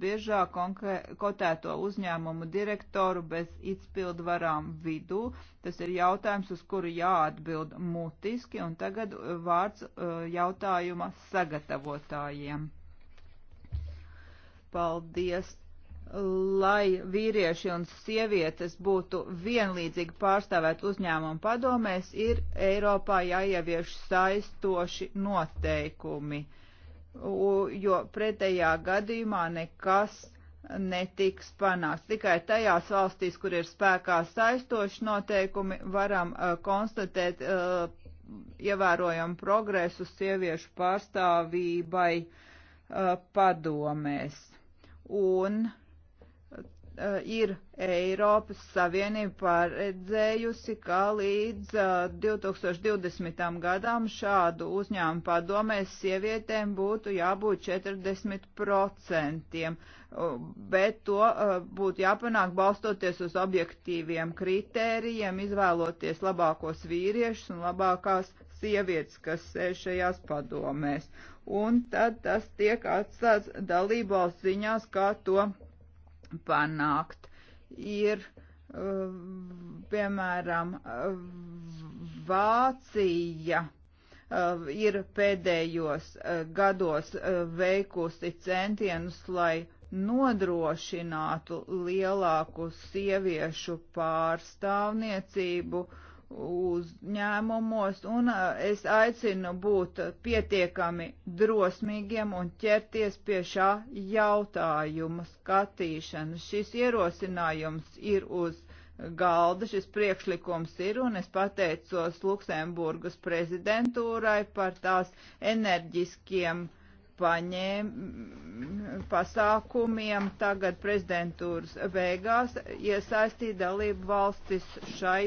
biežā kotēto uzņēmumu direktoru bez izpildvarām vidū. Tas ir jautājums, uz kuru jāatbild mutiski, un tagad uh, vārds uh, jautājuma sagatavotājiem. Paldies! Lai vīrieši un sievietes būtu vienlīdzīgi pārstāvēt uzņēmumu padomēs, ir Eiropā jāievieš saistoši noteikumi. Uh, jo pretējā gadījumā nekas netiks panāks. Tikai tajās valstīs, kur ir spēkā saistoši noteikumi, varam uh, konstatēt uh, ievērojamu progresu sieviešu pārstāvībai uh, padomēs. Un uh, Eh, ir Eiropas Savienība paredzējusi, ka līdz 2020. Eh, gadam šādu uzņēmumu padomēs sievietēm būtu jābūt 40%, eh, bet to būtu jāpanāk balstoties uz objektīviem kritērijiem, izvēloties labākos vīriešus un labākās sievietes, kas sēž šajās padomēs. Un tad tas tiek atstāts dalībvalsts ziņās, kā to panākt. Ir, uh, piemēram, Vācija uh, ir pēdējos uh, gados veikusi centienus, lai nodrošinātu lielāku sieviešu pārstāvniecību uh, uzņēmumos, un es aicinu būt pietiekami drosmīgiem un ķerties pie šā jautājuma skatīšanas. Šis ierosinājums ir uz galda, šis priekšlikums ir, un es pateicos Luksemburgas prezidentūrai par tās enerģiskiem paņēm, pasākumiem tagad prezidentūras beigās iesaistīt dalību valstis šai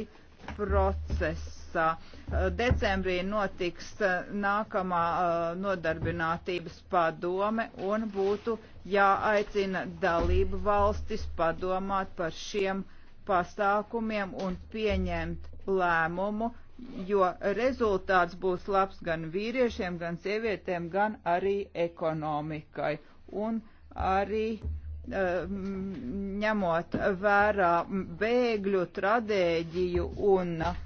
procesā. Eh, decembrī notiks eh, nākamā eh, nodarbinātības padome un būtu jāaicina dalību valstis padomāt par šiem pasākumiem un pieņemt lēmumu, jo rezultāts būs labs gan vīriešiem, gan sievietēm, gan arī ekonomikai un arī uh, Ehm, ņemot vērā bēgļu tradēģiju un eh,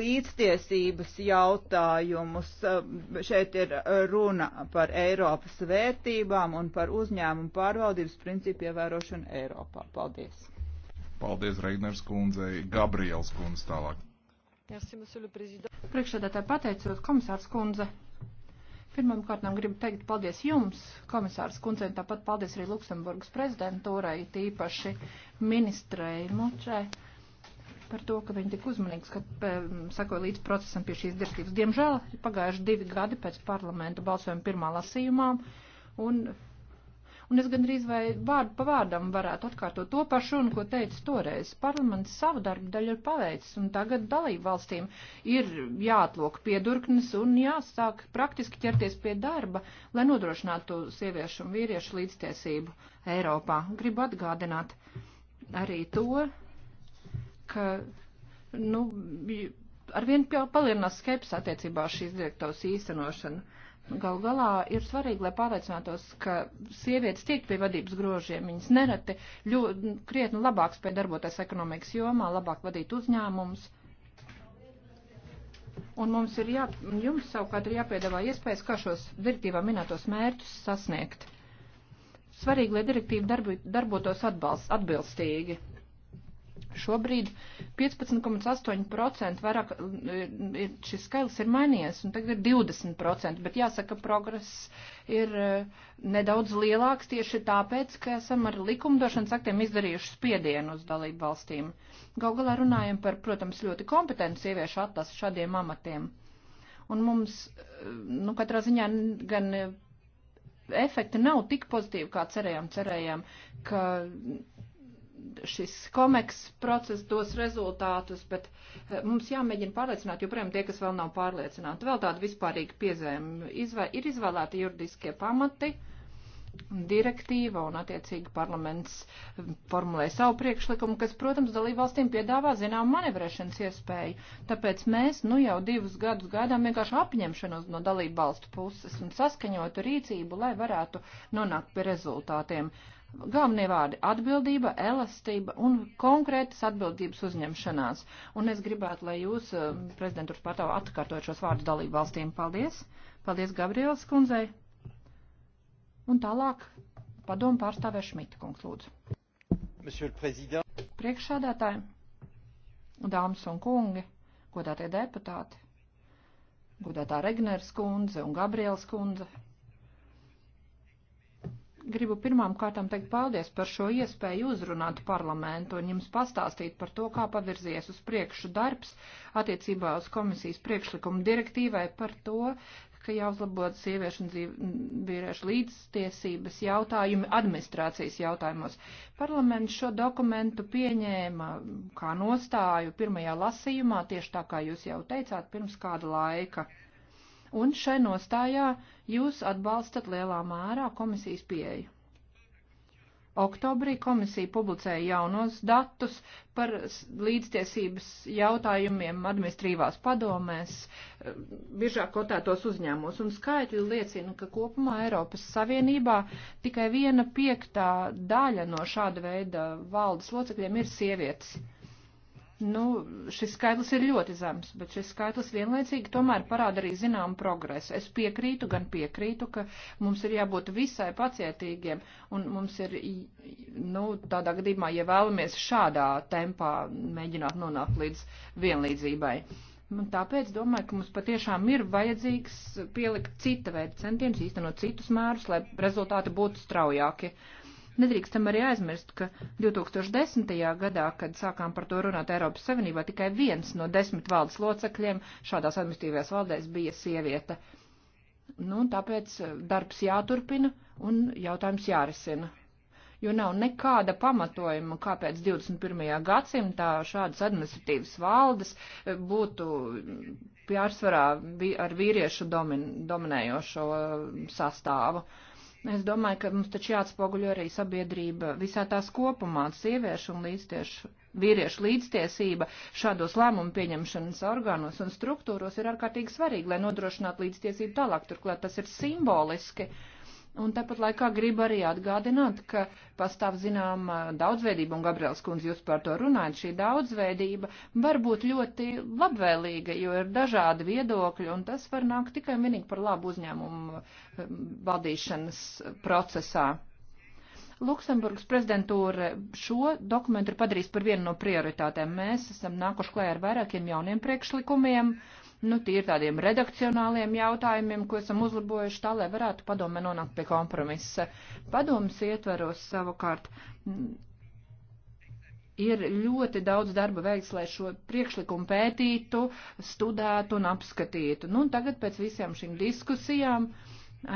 līdztiesības jautājumus. Eh, šeit ir runa par Eiropas vērtībām un par uzņēmumu pārvaldības principu ievērošanu Eiropā. Paldies! Paldies, Reigners kundzei, Gabriels kundze tālāk. Priekšsēdētāji pateicot, komisārs kundze. Pirmam kārtām gribu teikt paldies jums, komisārs kundze, un tāpat paldies arī Luksemburgas prezidentūrai, tīpaši ministrei Mučē par to, ka viņi tik uzmanīgi sakoja līdz procesam pie šīs direktīvas. Diemžēl pagājuši divi gadi pēc parlamenta balsojuma pirmā lasījumā, un un es gandrīz vai vārdu pa vārdam varētu atkārtot to pašu, un ko teicu toreiz. Parlaments savu darbu daļu ir paveicis, un tagad dalību valstīm ir jāatlok piedurknes un jāsāk praktiski ķerties pie darba, lai nodrošinātu sieviešu un vīriešu līdztiesību Eiropā. Gribu atgādināt arī to, ka, nu, arvien palielinās skepsi attiecībā uz šīs direktīvas īstenošanu gal galā ir svarīgi, lai pārliecinātos, ka sievietes tiek pie vadības grožiem. Viņas nereti ļoti krietni labāk spēj darboties ekonomikas jomā, labāk vadīt uzņēmumus. Un mums ir jā, jums savukārt ir jāpiedāvā iespējas, kā šos direktīvā minētos mērķus sasniegt. Svarīgi, lai direktīva darbi, darbotos atbalst, atbilstīgi Šobrīd 15,8% vairāk ir, e, e, šis skaidrs ir mainījies, un tagad ir 20%, bet jāsaka, progress ir e, nedaudz lielāks tieši tāpēc, ka esam ar likumdošanas aktiem izdarījuši spiedienu uz dalību valstīm. Gaugalā runājam par, protams, ļoti kompetentu sieviešu atlasu šādiem amatiem. Un mums, nu, katrā ziņā gan efekti nav tik pozitīvi, kā cerējām, cerējām, ka šis komeks process dos rezultātus, bet eh, mums jāmēģina pārliecināt, joprojām tie, kas vēl nav pārliecināti. Vēl tāda vispārīga piezēma Izvē, ir izvēlēti juridiskie pamati, direktīva un attiecīgi parlaments eh, formulē savu priekšlikumu, kas, protams, dalībvalstīm piedāvā zinām manevrēšanas iespēju. Tāpēc mēs nu jau divus gadus gaidām vienkārši apņemšanos no dalībvalstu puses un saskaņotu rīcību, lai varētu nonākt pie rezultātiem. Uh, Galvenie vārdi - atbildība, elastība un konkrētas atbildības uzņemšanās. Un es gribētu, lai jūs, eh, prezidentūras pārstāvā, atkārtojat šos vārdus dalību valstīm. Paldies! Paldies Gabrielas kundzei! Un tālāk padomu pārstāvē Šmita kungs lūdzu. Priekšādātāji, dāmas un kungi, godātie deputāti, godātā Regners kundze un Gabrielas kundze. Gribu pirmām kārtām teikt paldies par šo iespēju uzrunāt parlamentu un jums pastāstīt par to, kā pavirzies uz priekšu darbs attiecībā uz komisijas priekšlikumu direktīvai par to, ka jāuzlabot sieviešu un dzīvi, vīriešu līdztiesības jautājumi administrācijas jautājumos. Parlaments šo dokumentu pieņēma kā nostāju pirmajā lasījumā, tieši tā kā jūs jau teicāt, pirms kāda laika un šai nostājā jūs atbalstat lielā mērā komisijas pieeju. Oktobrī komisija publicēja jaunos datus par līdztiesības jautājumiem administrīvās padomēs, eh, biežāk kotētos uzņēmos, un skaitļi liecina, ka kopumā Eiropas Savienībā tikai viena piektā daļa no šāda veida valdes locekļiem ir sievietes. Nu, šis skaitlis ir ļoti zems, bet šis skaitlis vienlaicīgi tomēr parāda arī zināmu progresu. Es piekrītu, gan piekrītu, ka mums ir jābūt visai pacietīgiem un mums ir, nu, tādā gadījumā, ja vēlamies šādā tempā mēģināt nonākt līdz vienlīdzībai. Un tāpēc domāju, ka mums patiešām ir vajadzīgs pielikt cita veida centienus, īstenot citus mērus, lai rezultāti būtu straujāki. Uh, Nedrīkstam arī aizmirst, ka 2010. gadā, kad sākām par to runāt Eiropas Savienībā, tikai viens no desmit valdes locekļiem šādās administratīvajās valdēs bija sieviete. Nu, tāpēc eh, darbs jāturpina un jautājums jārisina jo nav nekāda pamatojuma, kāpēc 21. gadsimtā šādas administratīvas valdes eh, būtu pārsvarā ar vīriešu domin, dominējošo eh, sastāvu. Uh, Es domāju, ka mums taču jāatspoguļo arī sabiedrība visā tās kopumā, sieviešu un līdztiešu vīriešu līdztiesība šādos lēmumu pieņemšanas orgānos un struktūros ir ārkārtīgi svarīga, lai nodrošinātu līdztiesību tālāk. Turklāt tas ir simboliski. Uh, Un tāpat laikā gribu arī atgādināt, ka pastāv zinām daudzveidība, un Gabriels kundze jūs par to runājat, šī daudzveidība var būt ļoti labvēlīga, jo ir dažādi viedokļi, un tas var nākt tikai un vienīgi par labu uzņēmumu vadīšanas procesā. Luksemburgas prezidentūra šo dokumentu ir padarījusi par vienu no prioritātēm. Mēs esam nākuši klajā ar vairākiem jauniem priekšlikumiem. Uh, nu, tīri tādiem redakcionāliem jautājumiem, ko esam uzlabojuši tā, lai varētu padome nonākt pie kompromisa. Padomas ietveros savukārt mm, ir ļoti daudz darba veikts, lai šo priekšlikumu pētītu, studētu un apskatītu. Nu, un tagad pēc visām šīm diskusijām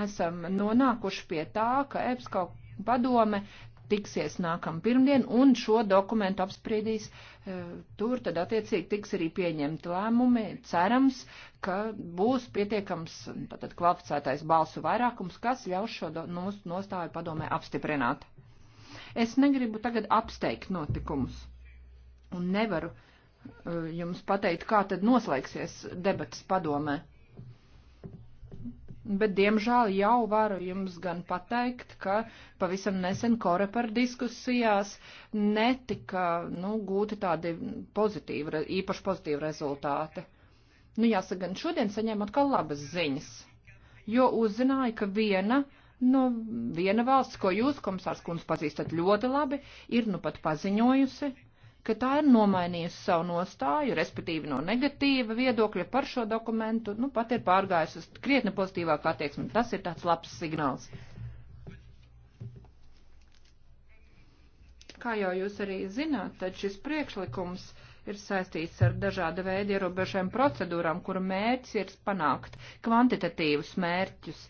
esam nonākuši pie tā, ka EPSKO padome tiksies nākam pirmdien un šo dokumentu apspriedīs e, tur, tad attiecīgi tiks arī pieņemt lēmumi. Cerams, ka būs pietiekams tātad kvalificētais balsu vairākums, kas ļaus šo nostāju padomē apstiprināt. Es negribu tagad apsteigt notikumus un nevaru e, jums pateikt, kā tad noslēgsies debats padomē. Bet, diemžēl, jau varu jums gan pateikt, ka pavisam nesen korepar diskusijās netika, nu, gūti tādi pozitīvi, īpaši pozitīvi rezultāti. Nu, jāsaka, gan šodien saņēmu atkal labas ziņas, jo uzzināju, ka viena no nu, viena valsts, ko jūs, komisārs Kunz, pazīstat ļoti labi, ir nu pat paziņojusi, ka tā ir nomainījusi savu nostāju, respektīvi no negatīva viedokļa par šo dokumentu, nu pat ir pārgājusi uz krietni pozitīvāku attieksmi. Tas ir tāds labs signāls. Kā jau jūs arī zināt, tad šis priekšlikums ir saistīts ar dažāda veida ierobežojumu procedūrām, kuru mērķis ir panākt kvantitatīvus mērķus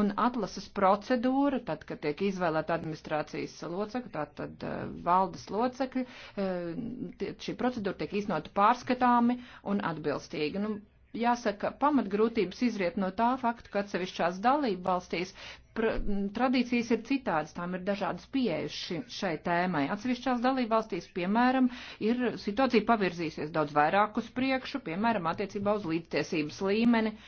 un atlases procedūra, tad, kad tiek izvēlēta administrācijas locekļa, tātad eh, valdes locekļi, eh, šī procedūra tiek iznota pārskatāmi un atbilstīgi. Nu, Jāsaka, pamatgrūtības izriet no tā faktu, ka atsevišķās dalību valstīs tradīcijas ir citādas, tām ir dažādas pieejas ši, šai tēmai. Atsevišķās dalībvalstīs, piemēram, ir situācija pavirzīsies daudz vairāk uz priekšu, piemēram, attiecībā uz līdztiesības līmeni. Uh,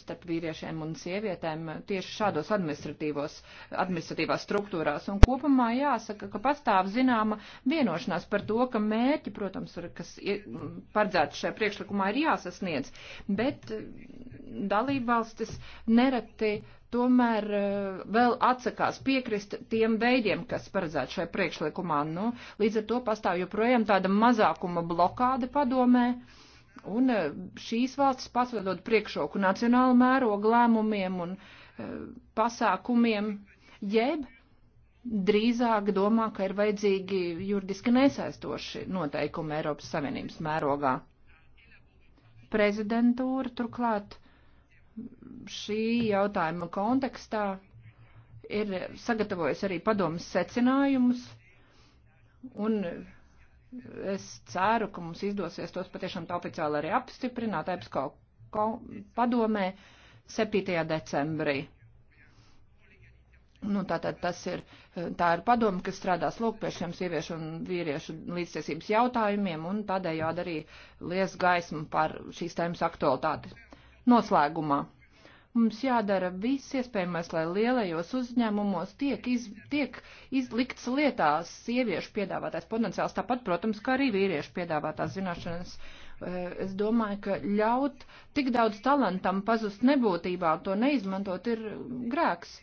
starp vīriešiem un sievietēm tieši šādos administratīvos, administratīvās struktūrās. Un kopumā jāsaka, ka pastāv zināma vienošanās par to, ka mērķi, protams, kas paredzēts šajā priekšlikumā, ir jāsasniedz, bet e, dalībvalstis nereti tomēr e, vēl atsakās piekrist tiem veidiem, kas paredzēti šajā priekšlikumā. Nu, līdz ar to pastāv joprojām tāda mazākuma blokāde padomē. Uh, Un eh, šīs valstis pasvedot priekšroku nacionālu mērogu lēmumiem un eh, pasākumiem, jeb drīzāk domā, ka ir vajadzīgi juridiski nesaistoši noteikumi Eiropas Savienības mērogā. Prezidentūra turklāt šī jautājuma kontekstā ir sagatavojusi arī padomas secinājumus un es ceru, ka mums izdosies tos patiešām tā oficiāli arī apstiprināt EPSCO padomē 7. decembrī. Nu, tātad tas ir, tā ir padoma, kas strādās lūk pie šiem sieviešu un vīriešu līdztiesības jautājumiem un tādējādi arī lies gaismu par šīs tēmas aktualitāti. Noslēgumā Mums jādara viss iespējamais, lai lielajos uzņēmumos tiek, iz, tiek izlikts lietās sieviešu piedāvātais potenciāls, tāpat, protams, kā arī vīriešu piedāvātās zināšanas. Eh, es domāju, ka ļaut tik daudz talantam pazust nebūtībā, to neizmantot, ir grēks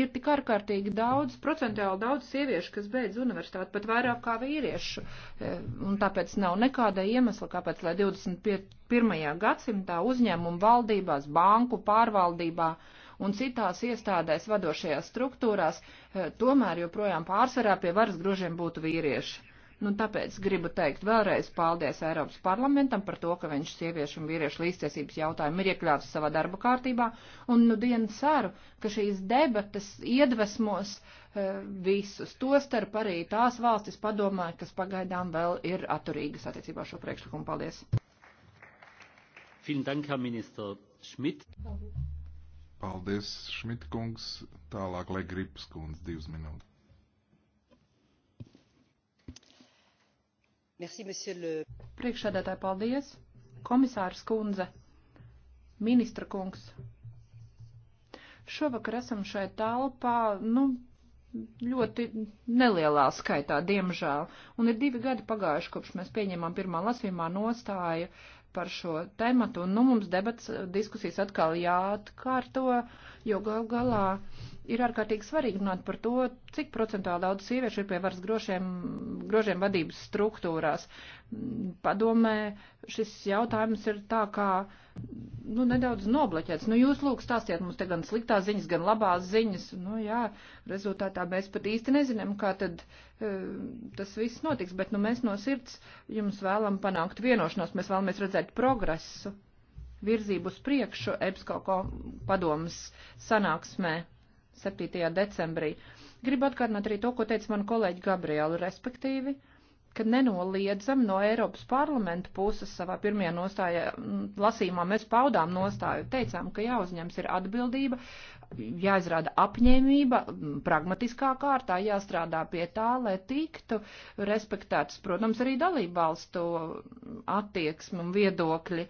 ir tik ārkārtīgi daudz, procentuāli daudz sieviešu, kas beidz universitāti, pat vairāk kā vīriešu. E, un tāpēc nav nekāda iemesla, kāpēc, lai 21. gadsimtā uzņēmumu valdībās, banku pārvaldībā un citās iestādēs vadošajās struktūrās e, tomēr joprojām pārsvarā pie varas grožiem būtu vīrieši. Nu, tāpēc gribu teikt vēlreiz paldies Eiropas parlamentam par to, ka viņš sieviešu un vīriešu līdztiesības jautājumu ir iekļāvis savā darba kārtībā. Un nu dienu ceru, ka šīs debatas iedvesmos e, visus. Tostarp arī tās valstis padomāja, kas pagaidām vēl ir atturīgas attiecībā šo priekšlikumu. Paldies! Vielen Dank, Herr Minister Schmidt. Paldies, Šmitkungs. Tālāk, lai gripas kundze, divas minūtes. Merci, le... Priekšsēdētāji, paldies. Komisārs kundze, ministra kungs. Šovakar esam šeit telpā, nu, ļoti nelielā skaitā, diemžēl, un ir divi gadi pagājuši, kopš mēs pieņēmām pirmā lasījumā nostāju par šo tematu, un nu mums debats diskusijas atkal jāatkārto, jo gal galā ir ārkārtīgi svarīgi runāt par to, cik procentuāli daudz sieviešu ir pie varas grožiem, grožiem vadības struktūrās padomē šis jautājums ir tā kā, nu, nedaudz noblaķēts. Nu, jūs lūk stāstiet mums te gan sliktās ziņas, gan labās ziņas. Nu, jā, rezultātā mēs pat īsti nezinām, kā tad e, tas viss notiks, bet, nu, mēs no sirds jums vēlam panākt vienošanos, mēs vēlamies redzēt progresu, virzību uz priekšu EBSCO padomas sanāksmē 7. decembrī. Gribu atkārtināt arī to, ko teica man kolēģi Gabriela, respektīvi ka nenoliedzam no Eiropas parlamenta puses savā pirmajā nostājā mm, lasīmā mēs paudām nostāju, teicām, ka jāuzņems ir atbildība, jāizrāda apņēmība, mm, pragmatiskā kārtā jāstrādā pie tā, lai tiktu respektētas, protams, arī dalību valstu attieksmi un viedokļi.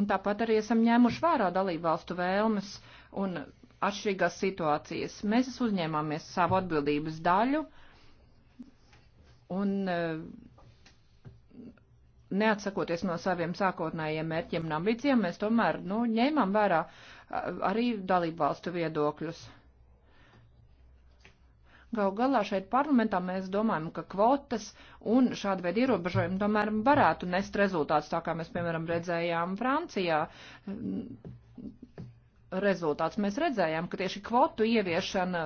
Un tāpat arī esam ņēmuši vērā dalību valstu vēlmes un atšķirīgās situācijas. Mēs uzņēmāmies savu atbildības daļu. Uh, un eh, neatsakoties no saviem sākotnējiem mērķiem un ambīcijām, mēs tomēr, nu, ņēmām vērā eh, arī dalību valstu viedokļus. Gau galā šeit parlamentā mēs domājam, ka kvotas un šāda veida ierobežojumi tomēr varētu nest rezultātus, tā kā mēs, piemēram, redzējām Francijā rezultāts. Mēs redzējām, ka tieši kvotu ieviešana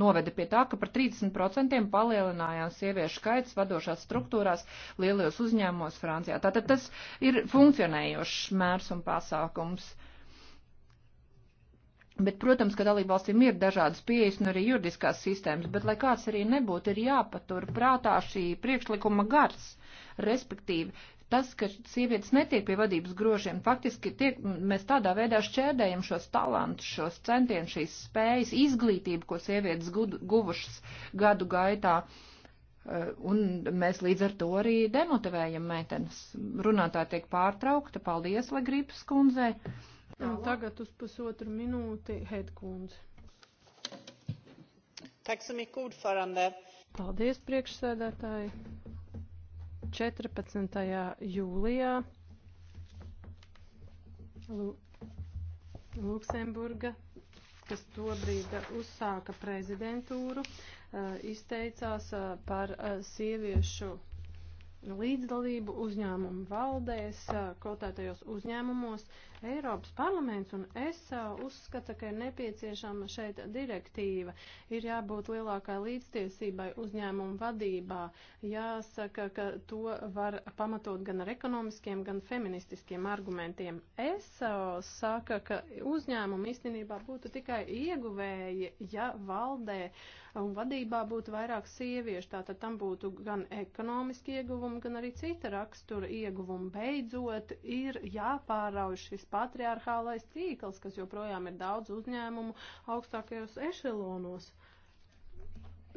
noveda pie tā, ka par 30% palielinājās sieviešu skaits vadošās struktūrās lielajos uzņēmumos Francijā. Tātad tas ir funkcionējošs mērs un pasākums. Bet, protams, ka dalībvalstīm ir dažādas pieejas un arī juridiskās sistēmas, bet, lai kāds arī nebūtu, ir jāpatur prātā šī priekšlikuma gars, respektīvi Tas, ka sievietes netiek pie vadības grožiem, faktiski tiek, mēs tādā veidā šķērdējam šos talantus, šos centienus, šīs spējas, izglītību, ko sievietes guvušas gadu gaitā. Eh, un mēs līdz ar to arī demotivējam meitenes. Runātā tiek pārtraukta. Paldies, Legrības kundzei. Tagad uz pusotru minūti Hedkundze. Paldies, priekšsēdētāji. 14. jūlijā Luksemburga, kas tobrīd uzsāka prezidentūru, izteicās par sieviešu līdzdalību uzņēmumu valdēs, kotētajos uzņēmumos, Eiropas parlaments un es uzskata, ka ir nepieciešama šeit direktīva. Ir jābūt lielākai līdztiesībai uzņēmumu vadībā. Jāsaka, ka to var pamatot gan ar ekonomiskiem, gan feministiskiem argumentiem. Es saka, ka uzņēmumi īstenībā būtu tikai ieguvēji, ja valdē un vadībā būtu vairāk sieviešu. Tātad tam būtu gan ekonomiski ieguvumi, gan arī cita rakstura ieguvumi. Beidzot, ir jāpārauj šis patriarchālais tīkls, kas joprojām ir daudz uzņēmumu augstākajos ešelonos.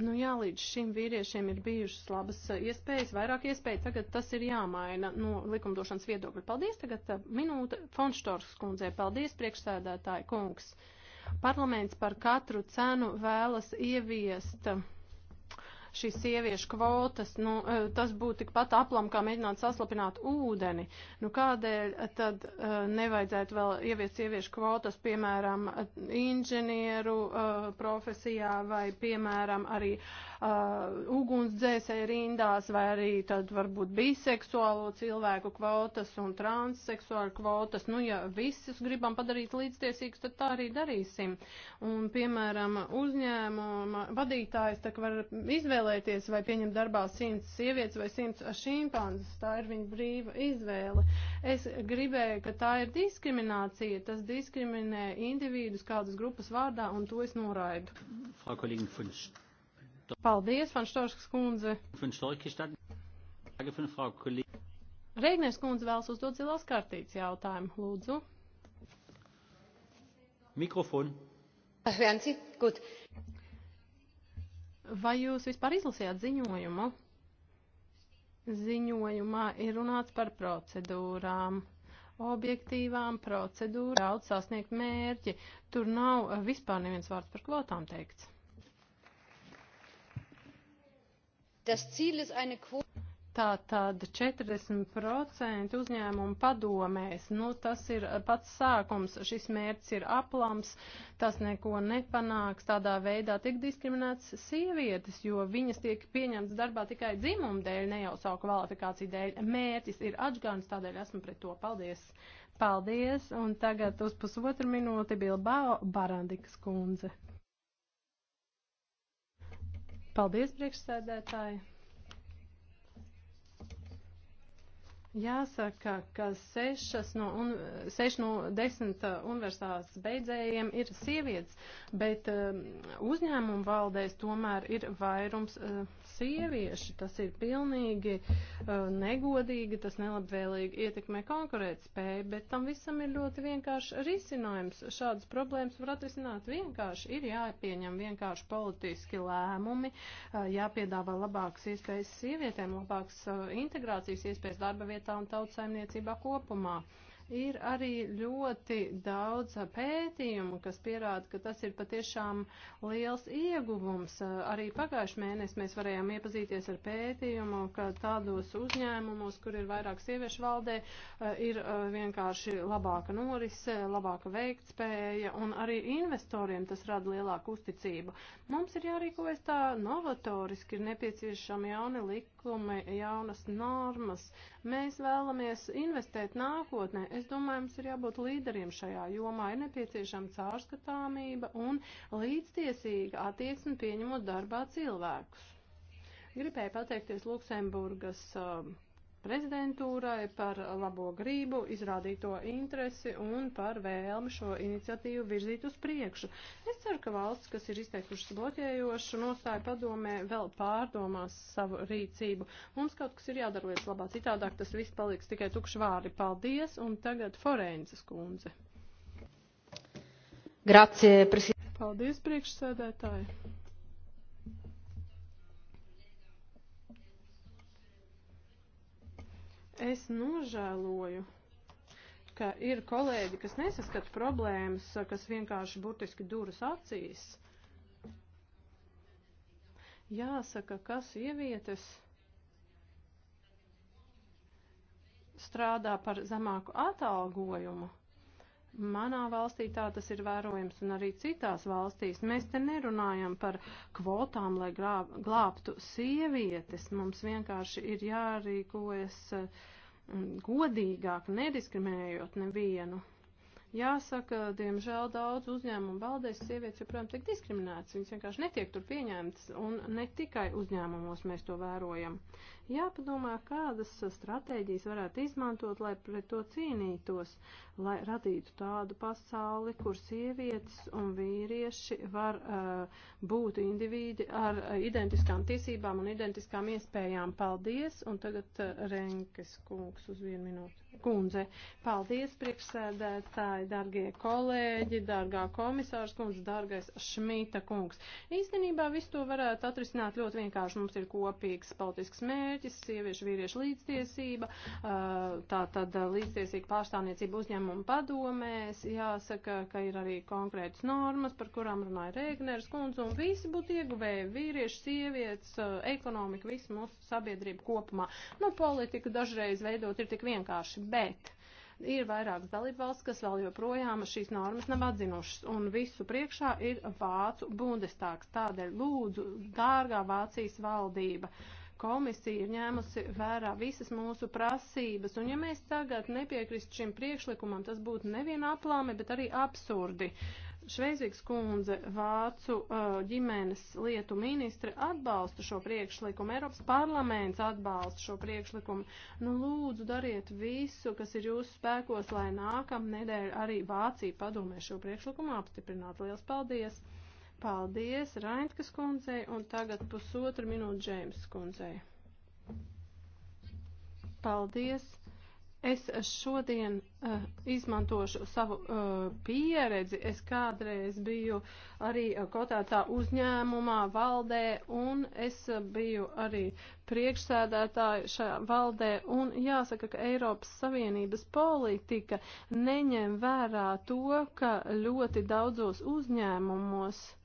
Nu jā, līdz šim vīriešiem ir bijušas labas iespējas, vairāk iespēju, tagad tas ir jāmaina no likumdošanas viedokļa. Paldies, tagad eh, minūte Fonštors kundzē, paldies priekšsēdētāji kungs. Parlaments par katru cenu vēlas ieviest. Uh, šīs sieviešu kvotas, nu, e, tas būtu tikpat aplam, kā mēģināt saslapināt ūdeni. Nu, kādēļ tad e, nevajadzētu vēl ieviest sieviešu kvotas, piemēram, inženieru e, profesijā vai, piemēram, arī ugunsdzēsēji rindās vai arī tad varbūt biseksuālo cilvēku kvotas un transseksuālu kvotas. Nu, ja visus gribam padarīt līdztiesīgus, tad tā arī darīsim. Un, piemēram, uzņēmuma vadītājs tā var izvēlēties izvēlēties vai pieņemt darbā simts sievietes vai simts šimpanzes. Tā ir viņa brīva izvēle. Es gribēju, ka tā ir diskriminācija. Tas diskriminē individus kādas grupas vārdā, un to es noraidu. Frau Kollegin Funš. Paldies, Fanštorškas kundze. Reignieks kundze vēlas uzdot zilās kartītes jautājumu. Lūdzu. Mikrofon. Hören Sie? Gut. Vai jūs vispār izlasījāt ziņojumu? Ziņojumā ir runāts par procedūrām objektīvām procedūrām daudz sasniegt mērķi. Tur nav vispār neviens vārds par kvotām teikts. Das Ziel ist eine Quote. Tā tad 40% uzņēmumu padomēs, nu tas ir pats sākums, šis mērķis ir aplams, tas neko nepanāks, tādā veidā tiek diskriminētas sievietes, jo viņas tiek pieņemtas darbā tikai dzimumu dēļ, ne jau savu kvalifikāciju dēļ. Mērķis ir atžgāns, tādēļ esmu pret to. Paldies! Paldies! Un tagad uz pusotru minūti Bilbao Barandikas kundze. Paldies, priekšsēdētāji! Jāsaka, ka sešas no, un, seš no desmit uh, universitātes beidzējiem ir sievietes, bet uh, uzņēmumu valdēs tomēr ir vairums. Uh, sievieši. Tas ir pilnīgi uh, negodīgi, tas nelabvēlīgi ietekmē konkurētspēju, bet tam visam ir ļoti vienkārši risinājums. Šādas problēmas var atrisināt vienkārši. Ir jāpieņem vienkārši politiski lēmumi, uh, jāpiedāvā labākas iespējas sievietēm, labākas uh, integrācijas iespējas darba vietā un tautsaimniecībā kopumā. Uh, Ir arī ļoti daudz pētījumu, kas pierāda, ka tas ir patiešām liels ieguvums. Arī pagājuši mēnesi mēs varējām iepazīties ar pētījumu, ka tādos uzņēmumos, kur ir vairāk sieviešu valdē, ir eh, vienkārši labāka norise, labāka veiktspēja un arī investoriem tas rada lielāku uzticību. Mums ir jārīkojas tā novatoriski, ir nepieciešami jauni likumi, jaunas normas, Mēs vēlamies investēt nākotnē. Es domāju, mums ir jābūt līderiem šajā jomā. Ir nepieciešama caurskatāmība un līdztiesīga attieksme pieņemot darbā cilvēkus. Gribēju pateikties Luksemburgas uh, prezidentūrai par labo grību, izrādīto interesi un par vēlmi šo iniciatīvu virzīt uz priekšu. Es ceru, ka valsts, kas ir izteikušas bloķējošu nostāju padomē, vēl pārdomās savu rīcību. Mums kaut kas ir jādara lietas labā, citādāk tas viss paliks tikai tukši vārdi. Paldies, un tagad Forenzes kundze. Grazie, presi... Paldies, priekšsēdētāji. Es nožēloju, ka ir kolēģi, kas nesaskata problēmas, kas vienkārši burtiski duras acīs. Jāsaka, ka sievietes strādā par zemāku atalgojumu. Manā valstī tā tas ir vērojams un arī citās valstīs. Mēs te nerunājam par kvotām, lai glāb, glābtu sievietes. Mums vienkārši ir jārīkojas uh, godīgāk, nediskriminējot nevienu. Jāsaka, diemžēl daudz uzņēmumu valdēs sievietes joprojām tiek diskriminētas, viņas vienkārši netiek tur pieņemtas, un ne tikai uzņēmumos mēs to vērojam. Jāpadomā, kādas stratēģijas varētu izmantot, lai pret to cīnītos, lai radītu tādu pasauli, kur sievietes un vīrieši var uh, būt individi ar uh, identiskām tiesībām un identiskām iespējām. Paldies, un tagad uh, Renkes kungs uz vienu minūti. Kundze, paldies priekšsēdētāji, dargie kolēģi, dārgā komisārs kundze, dārgais Šmita kungs. Īstenībā visu to varētu atrisināt ļoti vienkārši. Mums ir kopīgs politisks mērķis, sieviešu vīriešu līdztiesība, tā tad līdztiesīga pārstāvniecība uzņēmuma padomēs. Jāsaka, ka ir arī konkrētas normas, par kurām runāja Rēgneres kundze, un visi būtu ieguvēji - vīrieši, sievietes, ekonomika, visa mūsu sabiedrība kopumā. Nu, politika dažreiz veidot ir tik vienkārši bet ir vairākas dalībvalsts, kas vēl joprojām šīs normas nav atzinušas, un visu priekšā ir Vācu bundestāks. Tādēļ lūdzu, dārgā Vācijas valdība, komisija ir ņēmusi vērā visas mūsu prasības, un ja mēs tagad nepiekrist šim priekšlikumam, tas būtu nevien aplāme, bet arī absurdi. Uh, Šveizīgs kundze, Vācu uh, ģimenes lietu ministre atbalsta šo priekšlikumu, Eiropas parlaments atbalsta šo priekšlikumu. Nu, lūdzu, dariet visu, kas ir jūsu spēkos, lai nākam nedēļ arī Vācija padomē šo priekšlikumu apstiprināt. Liels paldies! Paldies Raintkas kundzei un tagad pusotra minūte Džeims kundzei. Paldies! Es šodien uh, izmantošu savu uh, pieredzi. Es kādreiz biju arī eh, kotētā uzņēmumā, valdē, un es biju arī priekšsēdētāju šajā valdē, un jāsaka, ka Eiropas Savienības politika neņem vērā to, ka ļoti daudzos uzņēmumos uh,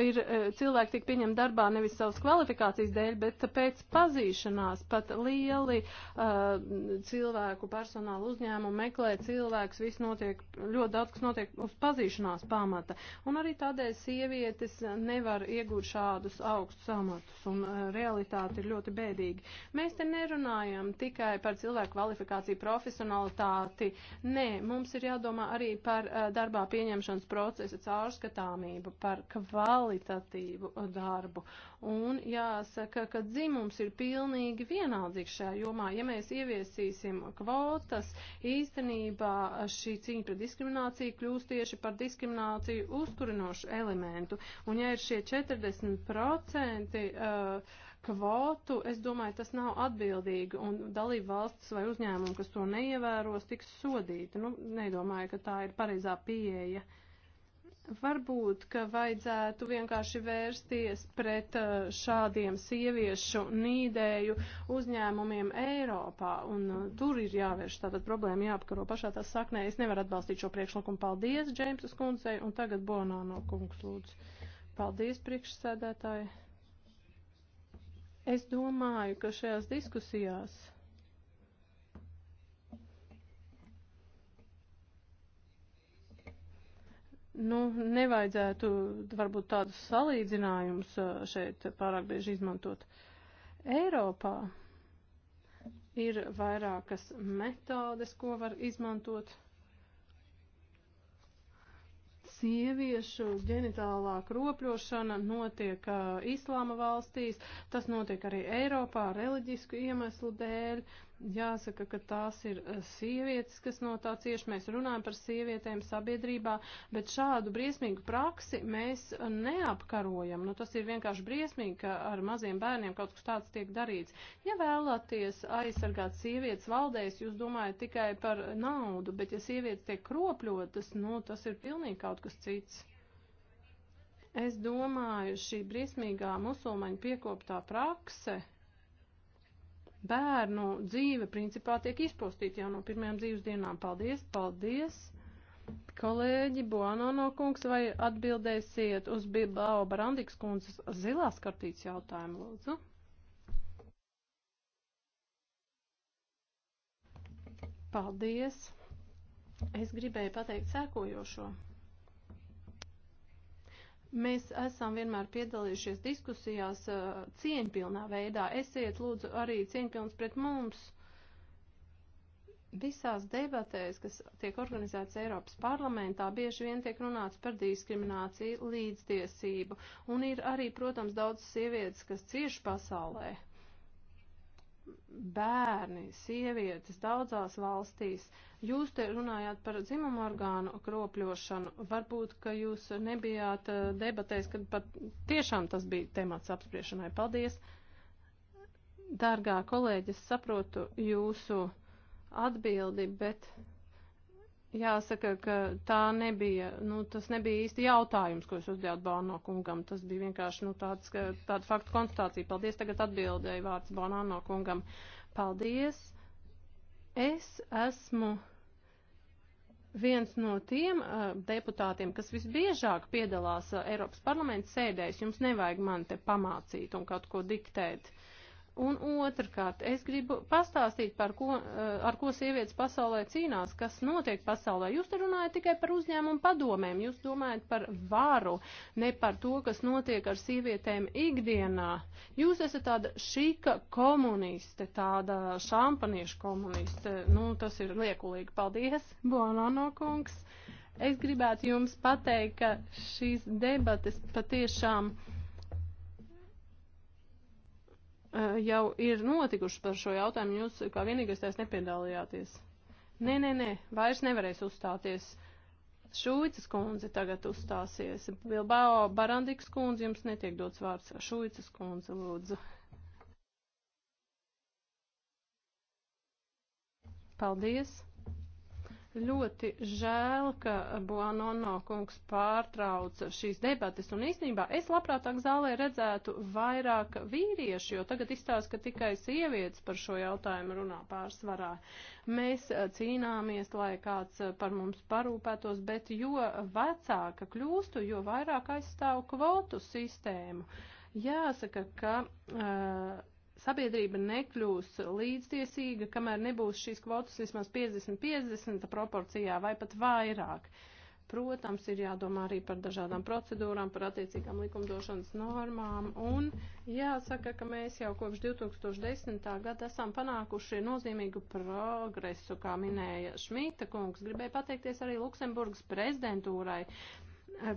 ir e, cilvēki tiek pieņemti darbā nevis savas kvalifikācijas dēļ, bet pēc pazīšanās pat lieli uh, cilvēku personāla uzņēmumu meklē cilvēks, viss notiek, ļoti daudz, kas notiek uz pazīšanās pamata. Un arī tādēļ sievietes nevar iegūt šādus augstus amatus, un uh, realitāte ir ļoti bēdīga. Mēs te nerunājam tikai par cilvēku kvalifikāciju, profesionalitāti. Nē, mums ir jādomā arī par uh, darbā pieņemšanas procesa caurskatāmību, par kvalitāti kvalitatīvu uh, darbu. Un jāsaka, ka dzimums ir pilnīgi vienaldzīgs šajā jomā. Ja mēs ieviesīsim kvotas, īstenībā uh, šī cīņa pret diskrimināciju kļūs tieši par diskrimināciju uzkurinošu elementu. Un ja ir šie 40%, uh, kvotu, es domāju, tas nav atbildīgi, un dalība valsts vai uzņēmumi, kas to neievēros, tiks sodīti. Nu, nedomāju, ka tā ir pareizā pieeja. Uh, Varbūt, ka vajadzētu vienkārši vērsties pret uh, šādiem sieviešu nīdēju uzņēmumiem Eiropā, un uh, tur ir jāvērš tātad problēma jāapkaro pašā tās saknē. Es nevaru atbalstīt šo priekšlikumu. Paldies, Džeimsas kundzei, un tagad Bonāno kungs lūdzu. Paldies, priekšsēdētāji. Es domāju, ka šajās diskusijās. Nu, nevajadzētu varbūt tādus salīdzinājumus šeit pārāk bieži izmantot. Eiropā ir vairākas metodes, ko var izmantot. Sieviešu ģenitālā kropļošana notiek uh, Islāma valstīs, tas notiek arī Eiropā reliģisku iemeslu dēļ. Uh, Jāsaka, ka tās ir eh, sievietes, kas no tā cieši. Mēs runājam par sievietēm sabiedrībā, bet šādu briesmīgu praksi mēs eh, neapkarojam. Nu, tas ir vienkārši briesmīgi, ka ar maziem bērniem kaut kas tāds tiek darīts. Ja vēlaties aizsargāt sievietes valdēs, jūs domājat tikai par naudu, bet ja sievietes tiek kropļotas, nu, tas ir pilnīgi kaut kas cits. Es domāju, šī briesmīgā musulmaņu piekoptā prakse bērnu dzīve principā tiek izpostīta jau no pirmajām dzīves dienām. Paldies, paldies! Kolēģi Buonono kungs, vai atbildēsiet uz Bilbao Barandikas kundzes zilās kartītes jautājumu, lūdzu? Paldies! Es gribēju pateikt sēkojošo. Mēs esam vienmēr piedalījušies diskusijās eh, cieņpilnā veidā. Esiet lūdzu arī cieņpilns pret mums. Visās debatēs, kas tiek organizētas Eiropas parlamentā, bieži vien tiek runāts par diskrimināciju, līdztiesību, un ir arī, protams, daudz sievietes, kas cieši pasaulē bērni, sievietes daudzās valstīs. Jūs te runājāt par dzimumu orgānu kropļošanu. Varbūt, ka jūs nebijāt eh, debatēs, kad pat tiešām tas bija temats apspriešanai. Paldies! Dārgā kolēģis, saprotu jūsu atbildi, bet Jāsaka, ka tā nebija, nu, tas nebija īsti jautājums, ko es uzdevu Bāno kungam. Tas bija vienkārši, nu, tāds, ka, tāda faktu konstatācija. Paldies, tagad atbildēju vārds Bāno kungam. Paldies. Es esmu viens no tiem uh, deputātiem, kas visbiežāk piedalās uh, Eiropas parlamenta sēdēs. Jums nevajag man te pamācīt un kaut ko diktēt. Uh, Un otrkārt, es gribu pastāstīt, par ko, eh, ar ko sievietes pasaulē cīnās, kas notiek pasaulē. Jūs te runājat tikai par uzņēmumu padomēm, jūs domājat par varu, ne par to, kas notiek ar sievietēm ikdienā. Jūs esat tāda šika komuniste, tāda šampanieša komuniste. Nu, tas ir liekulīgi. Paldies, Bonano kungs. Es gribētu jums pateikt, ka šīs debates patiešām Eh, jau ir notikušas par šo jautājumu, jūs kā vienīgais tās nepiedalījāties. Nē, nē, nē, vairs nevarēs uzstāties. Šūicas kundze tagad uzstāsies. Bilbao Barandikas kundze jums netiek dots vārds. Šūicas kundze, lūdzu. Paldies! Ļoti žēl, ka Buonono kungs pārtrauca šīs debates, un īstenībā es labprātāk zālē redzētu vairāk vīriešu, jo tagad izstāsta, ka tikai sievietes par šo jautājumu runā pārsvarā. Mēs eh, cīnāmies, lai kāds eh, par mums parūpētos, bet jo vecāka kļūstu, jo vairāk aizstāvu kvotu sistēmu. Jāsaka, ka. Uh, sabiedrība nekļūs līdztiesīga, kamēr nebūs šīs kvotas vismaz 50-50 proporcijā vai pat vairāk. Protams, ir jādomā arī par dažādām procedūrām, par attiecīgām likumdošanas normām, un jāsaka, ka mēs jau kopš 2010. gada esam panākuši nozīmīgu progresu, kā minēja Šmita kungs. Gribēju pateikties arī Luksemburgas prezidentūrai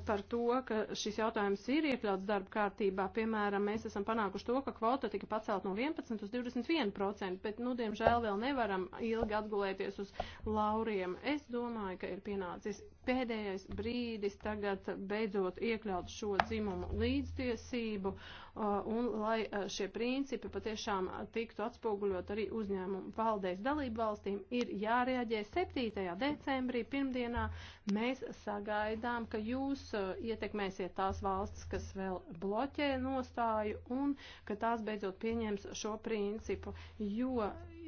par to, ka šis jautājums ir iekļauts darba kārtībā. Piemēram, mēs esam panākuši to, ka kvota tika pacelt no 11 uz 21%, bet, nu, diemžēl vēl nevaram ilgi atgulēties uz lauriem. Es domāju, ka ir pienācis pēdējais brīdis tagad beidzot iekļaut šo dzimumu līdztiesību. Uh, Uh, un lai uh, šie principi patiešām tiktu atspoguļot arī uzņēmumu valdēs dalību valstīm, ir jārēģē 7. decembrī pirmdienā. Mēs sagaidām, ka jūs uh, ietekmēsiet tās valstis, kas vēl bloķē nostāju un ka tās beidzot pieņems šo principu, jo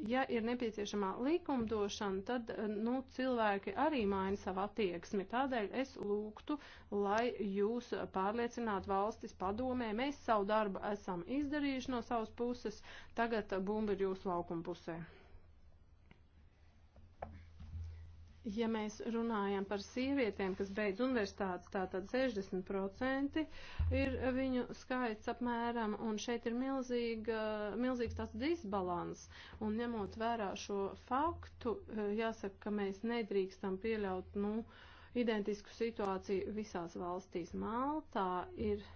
ja ir nepieciešamā likumdošana, tad eh, nu, cilvēki arī maina savu attieksmi. Tādēļ es lūgtu, lai jūs pārliecinātu valstis padomē. Mēs savu darbu esam izdarījuši no savas puses, tagad bumba ir jūsu laukuma pusē. Ja mēs runājam par sievietēm, kas beidz universitātes, tātad 60% ir viņu skaits apmēram, un šeit ir milzīga, milzīgs tāds disbalans. Un ņemot vērā šo faktu, jāsaka, ka mēs nedrīkstam pieļaut, nu, identisku situāciju visās valstīs. Maltā ir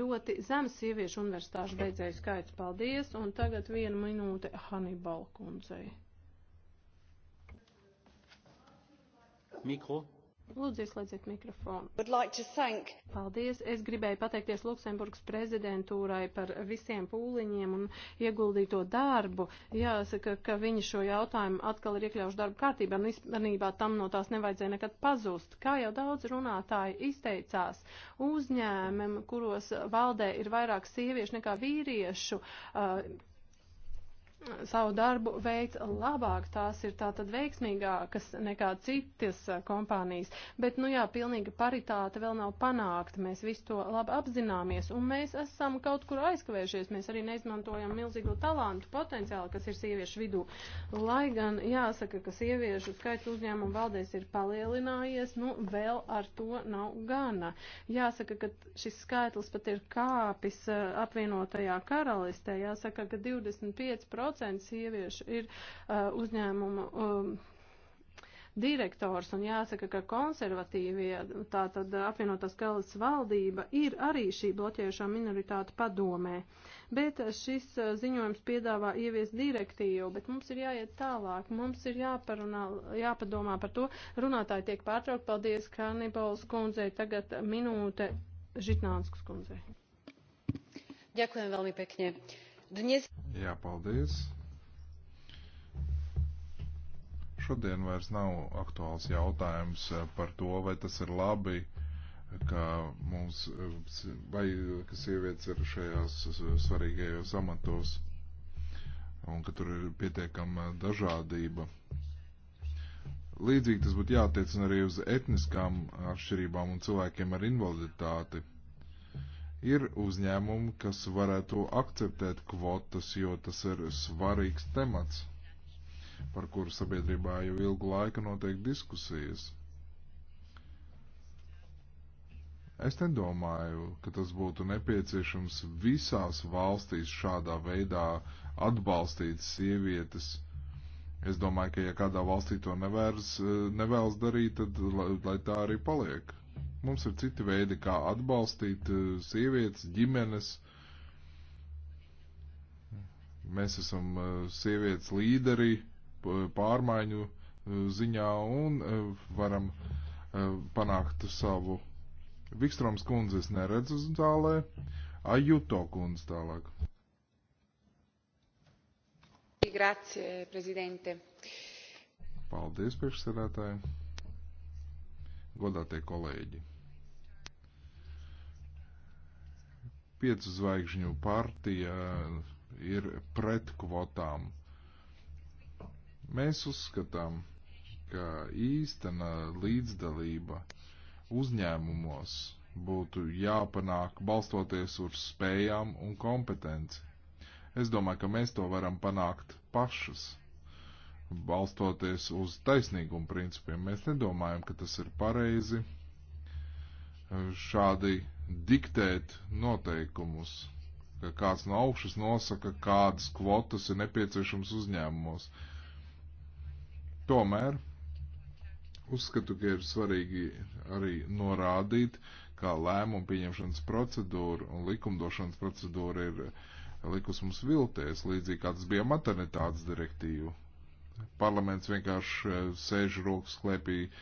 ļoti zems sieviešu universitāšu beidzēju skaits. Paldies, un tagad viena minūte Hannibal kundzei. Mikro. Lūdzu, ieslēdziet mikrofonu. Like Paldies. Es gribēju pateikties Luksemburgas prezidentūrai par visiem pūliņiem un ieguldīto darbu. Jāsaka, ka viņi šo jautājumu atkal ir iekļaujuši darba kārtībā, un īstenībā tam no tās nevajadzēja nekad pazust. Kā jau daudz runātāji izteicās, uzņēmumi, kuros valdē ir vairāk sieviešu nekā vīriešu, uh, savu darbu veic labāk, tās ir tātad veiksmīgākas nekā citas kompānijas. Bet, nu jā, pilnīga paritāte vēl nav panākta, mēs visu to labi apzināmies, un mēs esam kaut kur aizkavējušies, mēs arī neizmantojam milzīgo talantu potenciālu, kas ir sieviešu vidū. Lai gan jāsaka, ka sieviešu skaits uzņēmumu valdēs ir palielinājies, nu vēl ar to nav gana. Jāsaka, ka šis skaitlis pat ir kāpis eh, apvienotajā karalistē, jāsaka, ka 25% 40% sieviešu ir uh, uzņēmumu. Um, direktors, un jāsaka, ka konservatīvie, tātad apvienotās kalists valdība, ir arī šī bloķējušā minoritāte padomē. Bet šis uh, ziņojums piedāvā ievies direktīvu, bet mums ir jāiet tālāk, mums ir jāparunā, jāpadomā par to. Runātāji tiek pārtraukt, paldies Karnibols kundzei, tagad minūte Žitnānskas kundzei. Ďakujem veľmi pekne Dnes... Jā, paldies. Šodien vairs nav aktuāls jautājums eh, par to, vai tas ir labi, ka mums, eh, vai ka sievietes ir šajās svarīgajos amatos un ka tur ir pietiekama dažādība līdzīgi tas būtu jātiec arī uz etniskām atšķirībām un cilvēkiem ar invaliditāti ir uzņēmumi, kas varētu akceptēt kvotas, jo tas ir svarīgs temats, par kuru sabiedrībā jau ilgu laiku notiek diskusijas. Es nedomāju, ka tas būtu nepieciešams visās valstīs šādā veidā atbalstīt sievietes. Es domāju, ka ja kādā valstī to nevērs, nevēlas darīt, tad lai, lai tā arī paliek. Mums ir citi veidi, kā atbalstīt eh, sievietes, ģimenes. Mēs esam eh, sievietes līderi pārmaiņu eh, ziņā un varam panākt savu. Vikstroms kundze es neredzu zālē, Ajuto kundze tālāk. Grazie, prezidente. Paldies, priekšsēdētāji. Godātie kolēģi. piecu zvaigžņu partija ir pret kvotām. Mēs uzskatām, ka īstena līdzdalība uzņēmumos būtu jāpanāk balstoties uz spējām un kompetenci. Es domāju, ka mēs to varam panākt pašas, balstoties uz taisnīgumu principiem. Mēs nedomājam, ka tas ir pareizi šādi diktēt noteikumus, ka kāds no augšas nosaka, kādas kvotas ir nepieciešams uzņēmumos. Tomēr uzskatu, ka ir svarīgi arī norādīt, kā lēmumu pieņemšanas procedūra un likumdošanas procedūra ir likus mums vilties, līdzīgi kā tas bija maternitātes direktīva. Parlaments vienkārši eh, sēž rokas klēpī uh,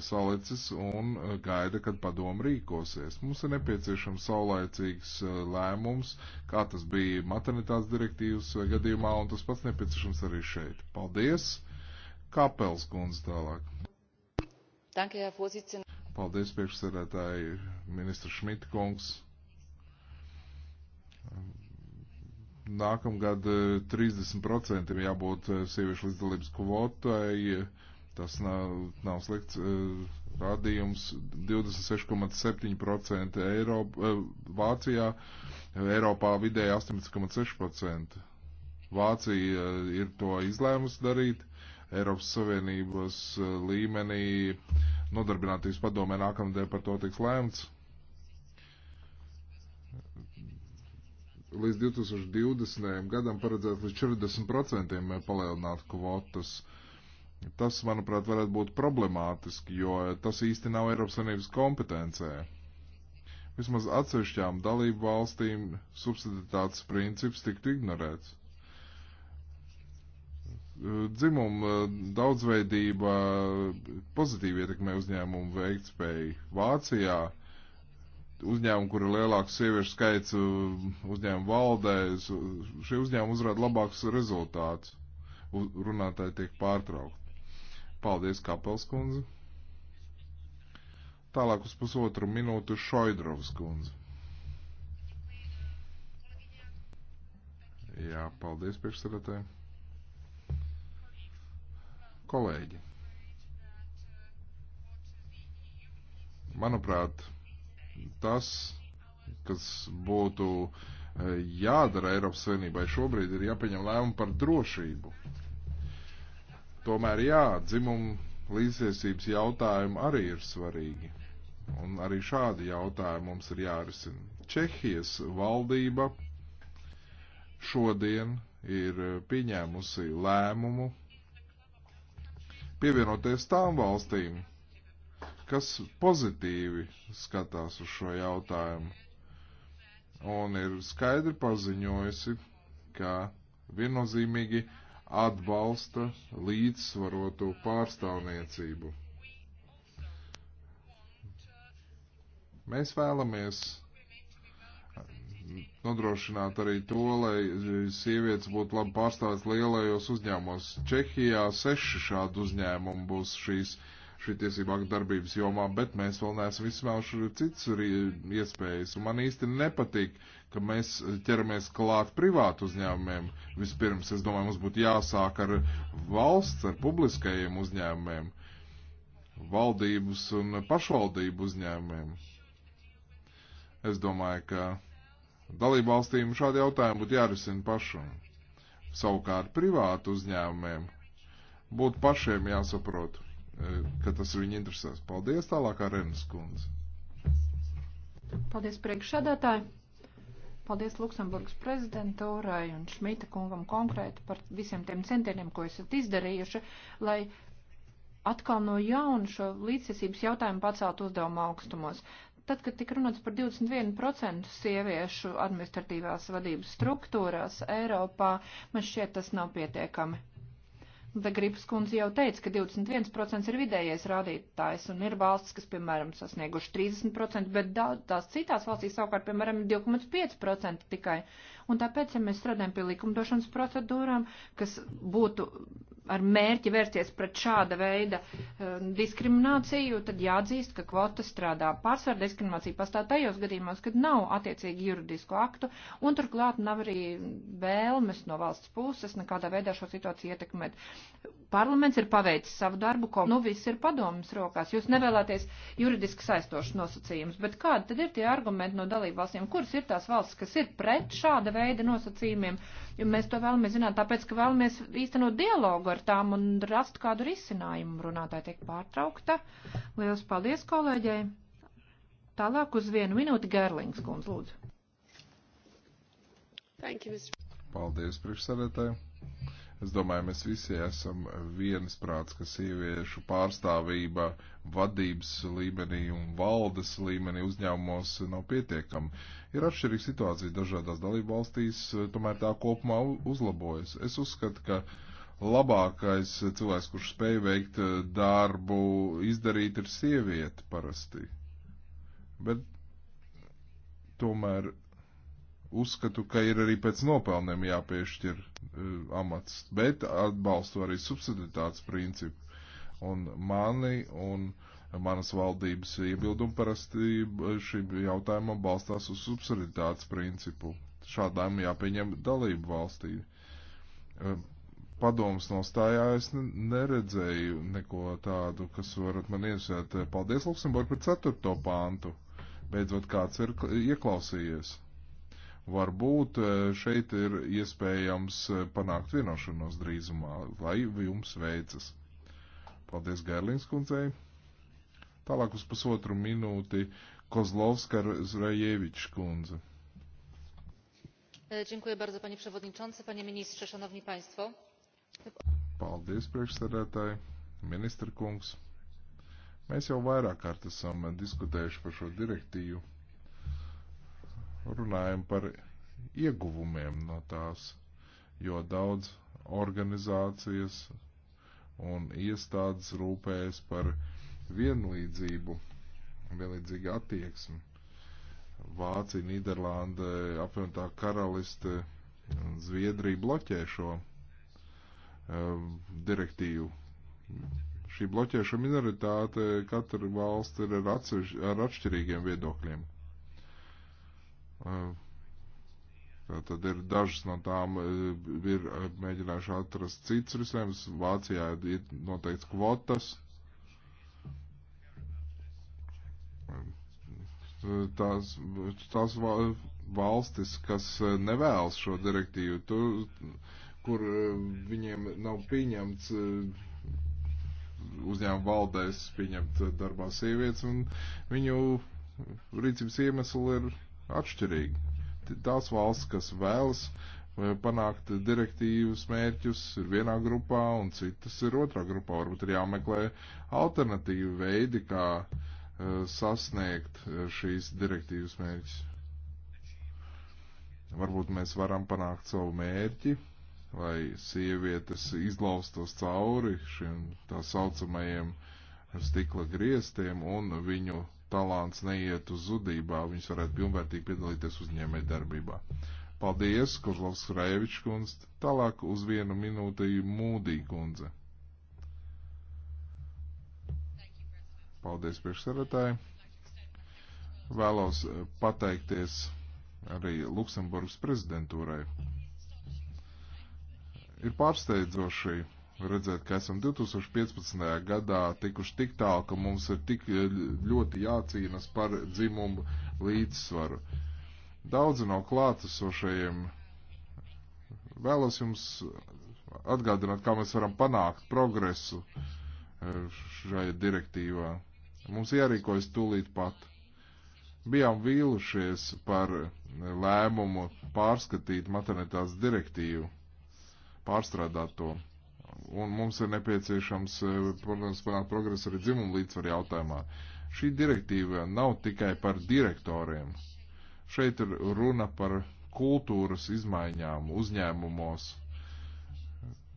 salicis un uh, gaida, kad padomu rīkosies. Mums ir nepieciešams saulēcīgs uh, lēmums, kā tas bija maternitātes direktīvas uh, gadījumā, un tas pats nepieciešams arī šeit. Paldies! Kapels kundze tālāk. Danke, Herr Vorsitzender. Paldies, priekšsēdētāji, ministra Šmita kungs. Nākamgad 30% jābūt sieviešu līdzdalības kvotai Tas nav, nav slikts eh, rādījums. 26,7% Eiropa, eh, Vācijā, Eiropā vidēji 18,6%. Vācija eh, ir to izlēmusi darīt. Eiropas Savienības līmenī nodarbinātības padomē nākamnedēļ par to tiks lēmts. Līdz 2020. gadam paredzēt līdz 40% palielināt kvotas. Uh, Tas, manuprāt, varētu būt problemātiski, jo tas īsti nav Eiropas Savienības kompetencē. Vismaz atsevišķām dalību valstīm subsiditātes princips tiktu ignorēts. Dzimuma daudzveidība pozitīvi ietekmē uzņēmumu veiktspēju. Vācijā uzņēmumi, kur ir lielāks sieviešu skaits uzņēmumu valdē, šie uzņēmumi uzrāda labākus rezultātus. Runātāji tiek pārtraukti. Paldies, Kapels kundze. Tālāk uz pusotru minūtu Šoidrovs kundze. Jā, paldies priekšsēdētāji. Kolēģi. Manuprāt, tas, kas būtu eh, jādara Eiropas Savienībai šobrīd, ir jāpieņem lēmumu par drošību Tomēr jā, dzimumu līdztiesības jautājumi arī ir svarīgi. Un arī šādi jautājumi mums ir jārisina. Čehijas valdība šodien ir eh, pieņēmusi lēmumu pievienoties tām valstīm, kas pozitīvi skatās uz šo jautājumu. Un ir skaidri paziņojusi, ka viennozīmīgi atbalsta līdzsvarotu pārstāvniecību. Mēs vēlamies nodrošināt arī to, lai sievietes būtu labi pārstāvētas lielajos uzņēmumos. Čehijā seši šādu uzņēmumu būs šīs uh, šī tiesība aktu darbības jomā, bet mēs vēl neesam izsmēluši citas iespējas. Un man īsti nepatīk, ka mēs ķeramies klāt privātu uzņēmumiem. Vispirms, es domāju, mums būtu jāsāk ar valsts, ar publiskajiem uzņēmumiem, valdības un pašvaldību uzņēmumiem. Es domāju, ka dalību valstīm šādi jautājumi būtu jārisina pašam. Savukārt privātu uzņēmumiem būtu pašiem jāsaprot, ka tas viņu interesēs. Paldies tālāk Arenas kundze. Paldies priekšsēdētāji. Paldies Luksemburgas prezidentūrai un Šmita kungam konkrēti par visiem tiem centieniem, ko esat izdarījuši, lai atkal no jauna šo līdzsvarības jautājumu pacelt uzdevuma augstumos. Tad, kad tika runāts par 21% sieviešu administratīvās vadības struktūrās Eiropā, man šķiet tas nav pietiekami. Begripas kundze jau teica, ka 21% ir vidējais rādītājs, un ir valstis, kas, piemēram, sasnieguši 30%, bet daudz tās citās valstīs savukārt, piemēram, 2,5% tikai. Un tāpēc, ja mēs strādājam pie likumdošanas procedūrām, kas būtu ar mērķi vērsties pret šāda veida eh, diskrimināciju, tad jāatzīst, ka kvota strādā pārsvar diskriminācija pastāv tajos gadījumos, kad nav attiecīgi juridisko aktu, un turklāt nav arī vēlmes no valsts puses nekādā veidā šo situāciju ietekmēt. Parlaments ir paveicis savu darbu, ko nu viss ir padomas rokās. Jūs nevēlaties juridiski saistošas nosacījumus, bet kādi tad ir tie argumenti no dalībvalstīm, kuras ir tās valsts, kas ir pret šāda kāda veida nosacījumiem, jo mēs to vēlamies zināt, tāpēc, ka vēlamies īstenot dialogu ar tām un rast kādu risinājumu. Runātāja tiek pārtraukta. Lielas paldies kolēģei. Tālāk uz vienu minūti Gerlings, kundz, lūdzu. Thank you, Mr. Paldies, priekšsēdētāji. Es domāju, mēs visi esam viensprāts, ka sieviešu pārstāvība vadības līmenī un valdes līmenī uzņēmumos nav pietiekama. Ir atšķirīga situācija dažādās dalību valstīs, eh, tomēr tā kopumā uzlabojas. Es uzskatu, ka labākais cilvēks, kurš spēj veikt eh, darbu, izdarīt, ir sieviete parasti. Bet tomēr uzskatu, ka ir arī pēc nopelniem jāpiešķir uh, amats, bet atbalstu arī subsiditātes principu. Un mani un uh, manas valdības iebildumi parasti eh, šim jautājumam balstās uz subsiditātes principu. Šādām jāpieņem dalību valstī. Eh, Padoms nostājā es neredzēju neko tādu, kas varat man iesēt. Eh, paldies, Luksemburg, par ceturto pāntu. Beidzot, kāds ir ieklausījies. Varbūt šeit ir iespējams panākt vienošanos drīzumā, lai jums veicas. Paldies, Gērlings kundzei! Tālāk uz pusotru minūti Kozlovska Rajevičs kundze. E, dziękuję bardzo, panie przewodniczący, panie ministrze, szanowni państwo. Paldies, priekšsēdētāji, ministra kungs. Mēs jau vairāk kārt esam diskutējuši par šo direktīvu. Runājam par ieguvumiem no tās, jo daudz organizācijas un iestādes rūpējas par uh, vienlīdzību, vienlīdzīgu attieksmi. Vācija, Nīderlanda, apvienotā karaliste, Zviedrija bloķē šo um, direktīvu. Šī bloķēša minoritāte katra valsts ir ar, atsevišķ, ar atšķirīgiem viedokļiem. Um, Tad ir dažas no tām, eh, ir mēģinājuši atrast cits risinājums. Vācijā ir noteikts kvotas, tās, tās valstis, kas e, nevēlas šo direktīvu, tur, kur e, viņiem nav pieņemts e, uzņēmuma valdēs pieņemt darbā sievietes, un viņu rīcības iemesli ir atšķirīgi. Tās valsts, kas vēlas panākt direktīvas mērķus, ir vienā grupā, un citas ir otrā grupā. Varbūt ir jāmeklē alternatīvi veidi, kā uh, Eh, sasniegt eh, šīs direktīvas mērķis. Varbūt mēs varam panākt savu mērķi, lai sievietes izlaustos cauri šiem tā saucamajiem stikla griestiem un viņu talants neiet uz zudībā, viņas varētu pilnvērtīgi piedalīties uzņēmē darbībā. Paldies, Kozlovs Rēvičs kundze, tālāk uz vienu minūti Mūdī kundze. Paldies priekšsarētāji. Vēlos eh, pateikties arī Luksemburgas prezidentūrai. Ir pārsteidzoši redzēt, ka esam 2015. gadā tikuši tik tālu, ka mums ir tik eh, ļoti jācīnas par dzimumu līdzsvaru. Daudzi no klātesošajiem vēlos jums atgādināt, kā mēs varam panākt progresu eh, šajā direktīvā. Mums jārīkojas tūlīt pat. Bijām vīlušies par lēmumu pārskatīt maternitātes direktīvu, pārstrādāt to. Un mums ir nepieciešams, eh, protams, panākt progresu arī dzimumu līdzsvaru jautājumā. Šī direktīva nav tikai par direktoriem. Šeit ir runa par kultūras izmaiņām uzņēmumos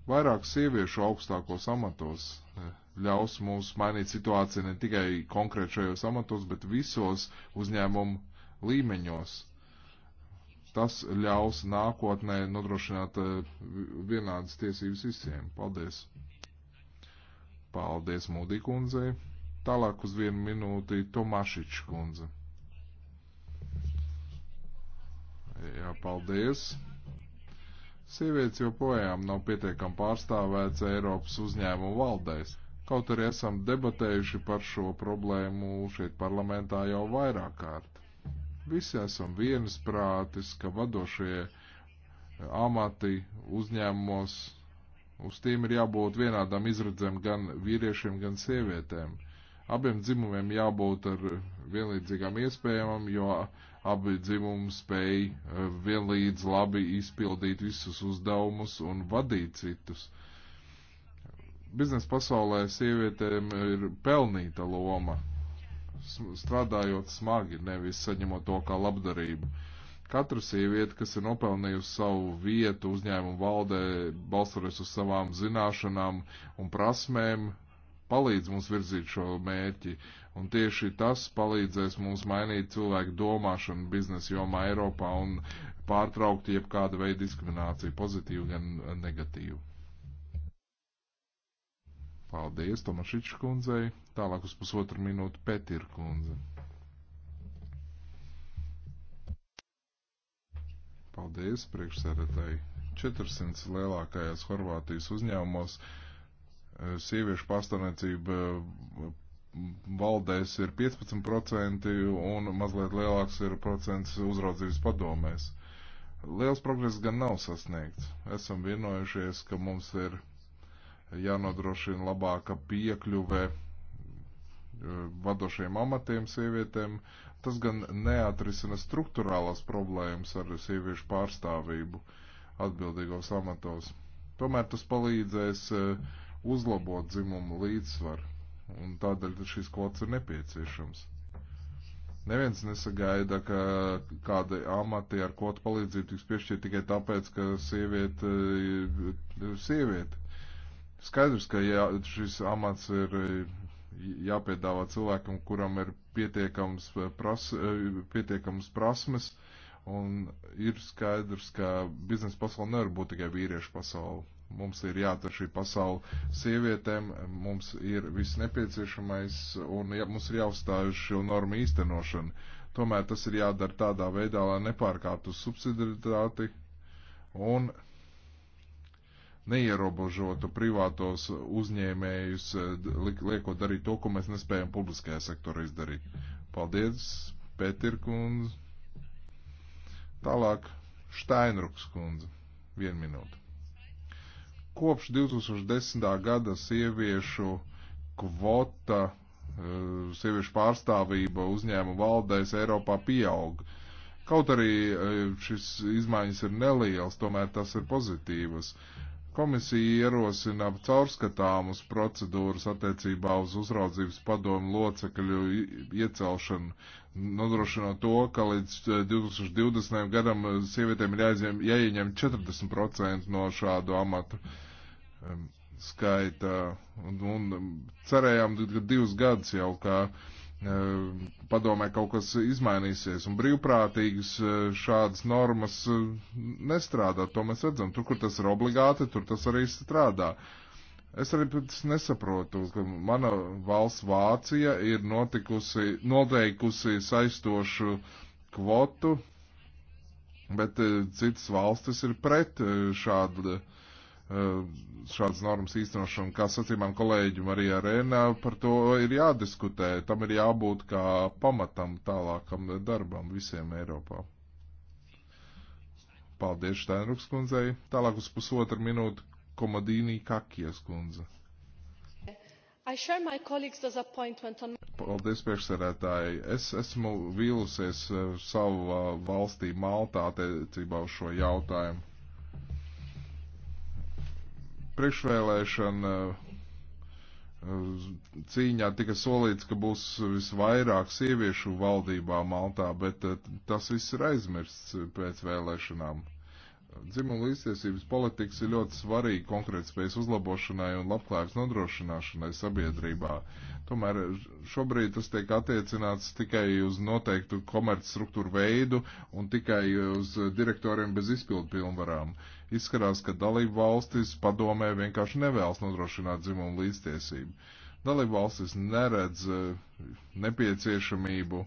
Vairāk sieviešu augstākos amatos e, ļaus mums mainīt situāciju ne tikai konkrēt šajos amatos, bet visos uzņēmumu līmeņos. Tas ļaus nākotnē nodrošināt e, vienādas tiesības visiem. Paldies! Paldies Mūdī kundzei! Tālāk uz vienu minūti Tomašiča kundze. Jā, paldies! Sievietes joprojām nav pietiekami pārstāvēts Eiropas uzņēmumu valdēs, kaut arī esam debatējuši par šo problēmu šeit parlamentā jau vairāk kārt. Visi esam viensprātis, ka vadošie amati uzņēmumos uz tiem ir jābūt vienādām izredzēm gan vīriešiem, gan sievietēm abiem dzimumiem jābūt ar vienlīdzīgām iespējām, jo abi dzimumi spēj eh, vienlīdz labi izpildīt visus uzdevumus un vadīt citus. Biznesa pasaulē sievietēm ir pelnīta loma, strādājot smagi, nevis saņemot to kā labdarību. Katra sieviete, kas ir nopelnījusi savu vietu uzņēmumu valdē, balstoties uz savām zināšanām un prasmēm, palīdz mums virzīt šo mērķi. Un tieši tas palīdzēs mums mainīt cilvēku domāšanu biznesa jomā Eiropā un pārtraukt jebkāda veida diskrimināciju, pozitīvu gan negatīvu. Paldies Tomašičs kundzei. Tālāk uz pusotru minūtu Petir kundze. Paldies priekšsēdētāji. 400 lielākajās Horvātijas uzņēmumos eh, sieviešu pastāvniecība valdēs ir 15% un mazliet lielāks ir procents uzraudzības padomēs. Liels progress gan nav sasniegts. Esam vienojušies, ka mums ir jānodrošina labāka piekļuve eh, vadošiem amatiem sievietēm. Tas gan neatrisina struktūrālās problēmas ar sieviešu pārstāvību atbildīgos amatos. Tomēr tas palīdzēs eh, uzlabot dzimumu līdzsvaru un tādēļ šis kvots ir nepieciešams. Neviens nesagaida, ka kāda amati ar kvotu palīdzību tiks piešķirt tikai tāpēc, ka sieviete ir e, sieviete. Skaidrs, ka jā, šis amats ir e, jāpiedāvā cilvēkam, kuram ir pietiekams, e, pras, pietiekams prasmes, un ir skaidrs, ka biznesa pasaule nevar būt tikai vīriešu pasaule. Mums ir jāta šī pasaule sievietēm, mums ir viss nepieciešamais un ja, mums ir jāuzstāj uz šo normu īstenošanu. Tomēr tas ir jādara tādā veidā, lai nepārkāptu subsidiaritāti un neierobežotu privātos uzņēmējus, eh, liekot darīt to, ko mēs nespējam publiskajā sektorā izdarīt. Paldies, Pētir kundze. Tālāk Štainruks kundze. Vienu minūtu. Kopš 2010. gada sieviešu kvota, eh, sieviešu pārstāvība uzņēmu valdēs Eiropā pieaug. Kaut arī eh, šis izmaiņas ir nelielas, tomēr tas ir pozitīvas. Uh, Komisija ierosina caurskatāmus procedūras attiecībā uz uzraudzības padomu locekļu iecelšanu, nodrošinot to, ka līdz 2020. Eh, gadam eh, sievietēm ir jāizņem, jāieņem 40% no šādu amatu skaita. Un, un cerējām, ka divus gadus jau, ka uh, padomē kaut kas izmainīsies, un brīvprātīgas šādas normas nestrādā, to mēs redzam. Tur, kur tas ir obligāti, tur tas arī strādā. Es arī nesaprotu, ka mana valsts Vācija ir notikusi, noteikusi saistošu kvotu, bet citas valstis ir pret šādu uh, Eh, šādas normas īstenošanu, kā sacīja man kolēģi Marija Rēnā, par to ir jādiskutē. Tam ir jābūt kā pamatam tālākam darbam visiem Eiropā. Paldies Steinruks kundzei. Tālāk uz pusotru minūtu Komadīnī Kakies kundze. On... Paldies, priekšsēdētāji. Es esmu vīlusies eh, savu valstī Maltā attiecībā uz šo jautājumu priekšvēlēšana cīņā tika solīts, ka būs visvairāk sieviešu valdībā Maltā, bet eh, tas viss ir aizmirsts pēc vēlēšanām. Dzimuma līdztiesības politikas ir ļoti svarīga konkrētspējas uzlabošanai un labklājības nodrošināšanai sabiedrībā. Tomēr šobrīd tas tiek attiecināts tikai uz noteiktu komercstruktūru veidu un tikai uz direktoriem bez izpildu pilnvarām. Uh, Izskatās, ka dalību valstis padomē vienkārši nevēlas nodrošināt dzimumu līdztiesību. Dalību valstis neredz eh, nepieciešamību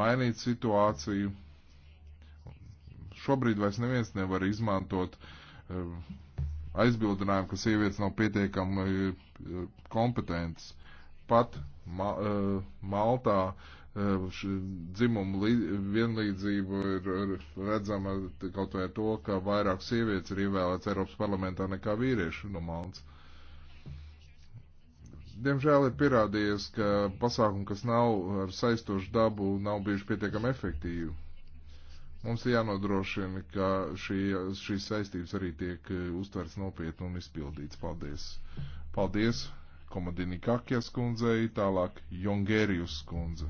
mainīt situāciju. Šobrīd vairs neviens nevar izmantot eh, aizbildinājumu, ka sievietes nav pietiekami eh, kompetentas. Pat ma Maltā dzimumu vienlīdzību ir redzama kaut vai ar to, ka vairāk sievietes ir ievēlēts Eiropas parlamentā nekā vīriešu no nu, Malnas. Diemžēl ir pierādījies, ka pasākumi, kas nav ar saistošu dabu, nav bijuši pietiekami efektīvi. Mums ir jānodrošina, ka šī, šīs saistības arī tiek uztverts nopietni un izpildīts. Paldies! Paldies, Komodini Kakjas kundzei, tālāk Jongērijus kundze.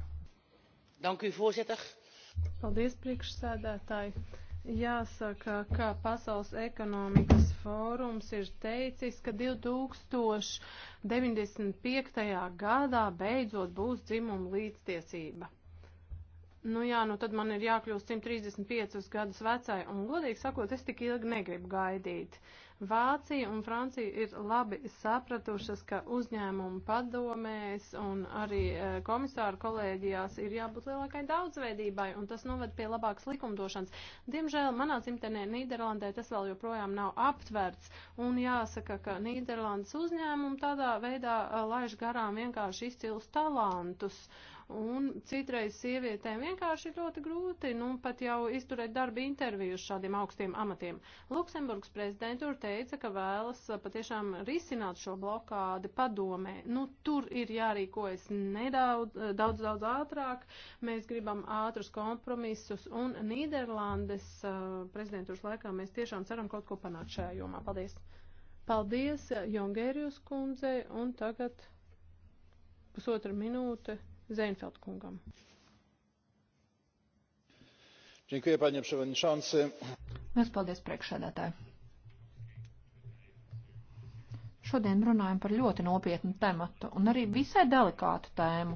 Paldies, priekšsēdētāji! Jāsaka, ka Pasaules ekonomikas fórums ir teicis, ka 2095. gadā beidzot būs dzimuma līdztiesība. Nu jā, nu tad man ir jākļūst 135 gadus vecai, un godīgi sakot, es tik ilgi negribu gaidīt. Uh, Vācija un Francija ir labi sapratušas, ka uzņēmumu padomēs un arī e, komisāru kolēģijās ir jābūt lielākai daudzveidībai, un tas noved pie labākas likumdošanas. Diemžēl manā dzimtenē Nīderlandē tas vēl joprojām nav aptverts, un jāsaka, ka Nīderlandes uzņēmumi tādā veidā e, laiž garām vienkārši izcils talantus. Uh, un citreiz sievietēm vienkārši ir ļoti grūti, nu, pat jau izturēt darba interviju šādiem augstiem amatiem. Luksemburgas prezidentūra teica, ka vēlas uh, patiešām risināt šo blokādi padomē. Nu, tur ir jārīkojas nedaudz, uh, daudz, daudz ātrāk. Mēs gribam ātrus kompromisus un Nīderlandes uh, prezidentūras laikā mēs tiešām ceram kaut ko panākt šajā jomā. Paldies! Paldies Jongērijus kundzei un tagad pusotra minūte Zēnfeld kungam. Dziękuję, panie przewodniczący. Mēs paldies priekšsēdētāji. Šodien runājam par ļoti nopietnu tematu un arī visai delikātu tēmu.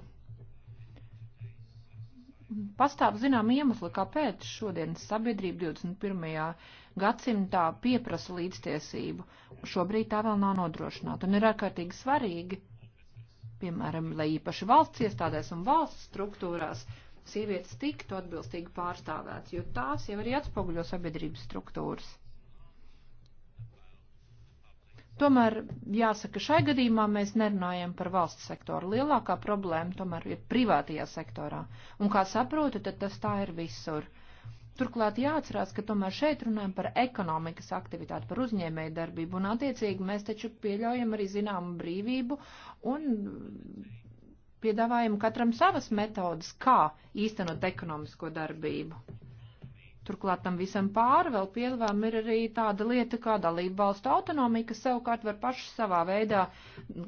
Pastāv zinām iemesli, kāpēc šodienas sabiedrība 21. gadsimtā pieprasa līdztiesību. Šobrīd tā vēl nav nodrošināta un ir ārkārtīgi svarīgi, piemēram, lai īpaši valsts iestādēs un valsts struktūrās sievietes tiktu atbilstīgi pārstāvētas, jo tās jau arī atspoguļo sabiedrības struktūras. Tomēr jāsaka, šai gadījumā mēs nerunājam par valsts sektoru. Lielākā problēma tomēr ir privātajā sektorā. Un kā saprotu, tad tas tā ir visur. Uh, Turklāt jāatcerās, ka tomēr šeit runājam par ekonomikas aktivitāti, par uzņēmēju darbību, un attiecīgi mēs taču pieļaujam arī zināmu brīvību un piedāvājam katram savas metodas, kā īstenot ekonomisko darbību. Turklāt tam visam pāri vēl piedevām ir arī tāda lieta kā dalība valstu autonomija, kas savukārt var paši savā veidā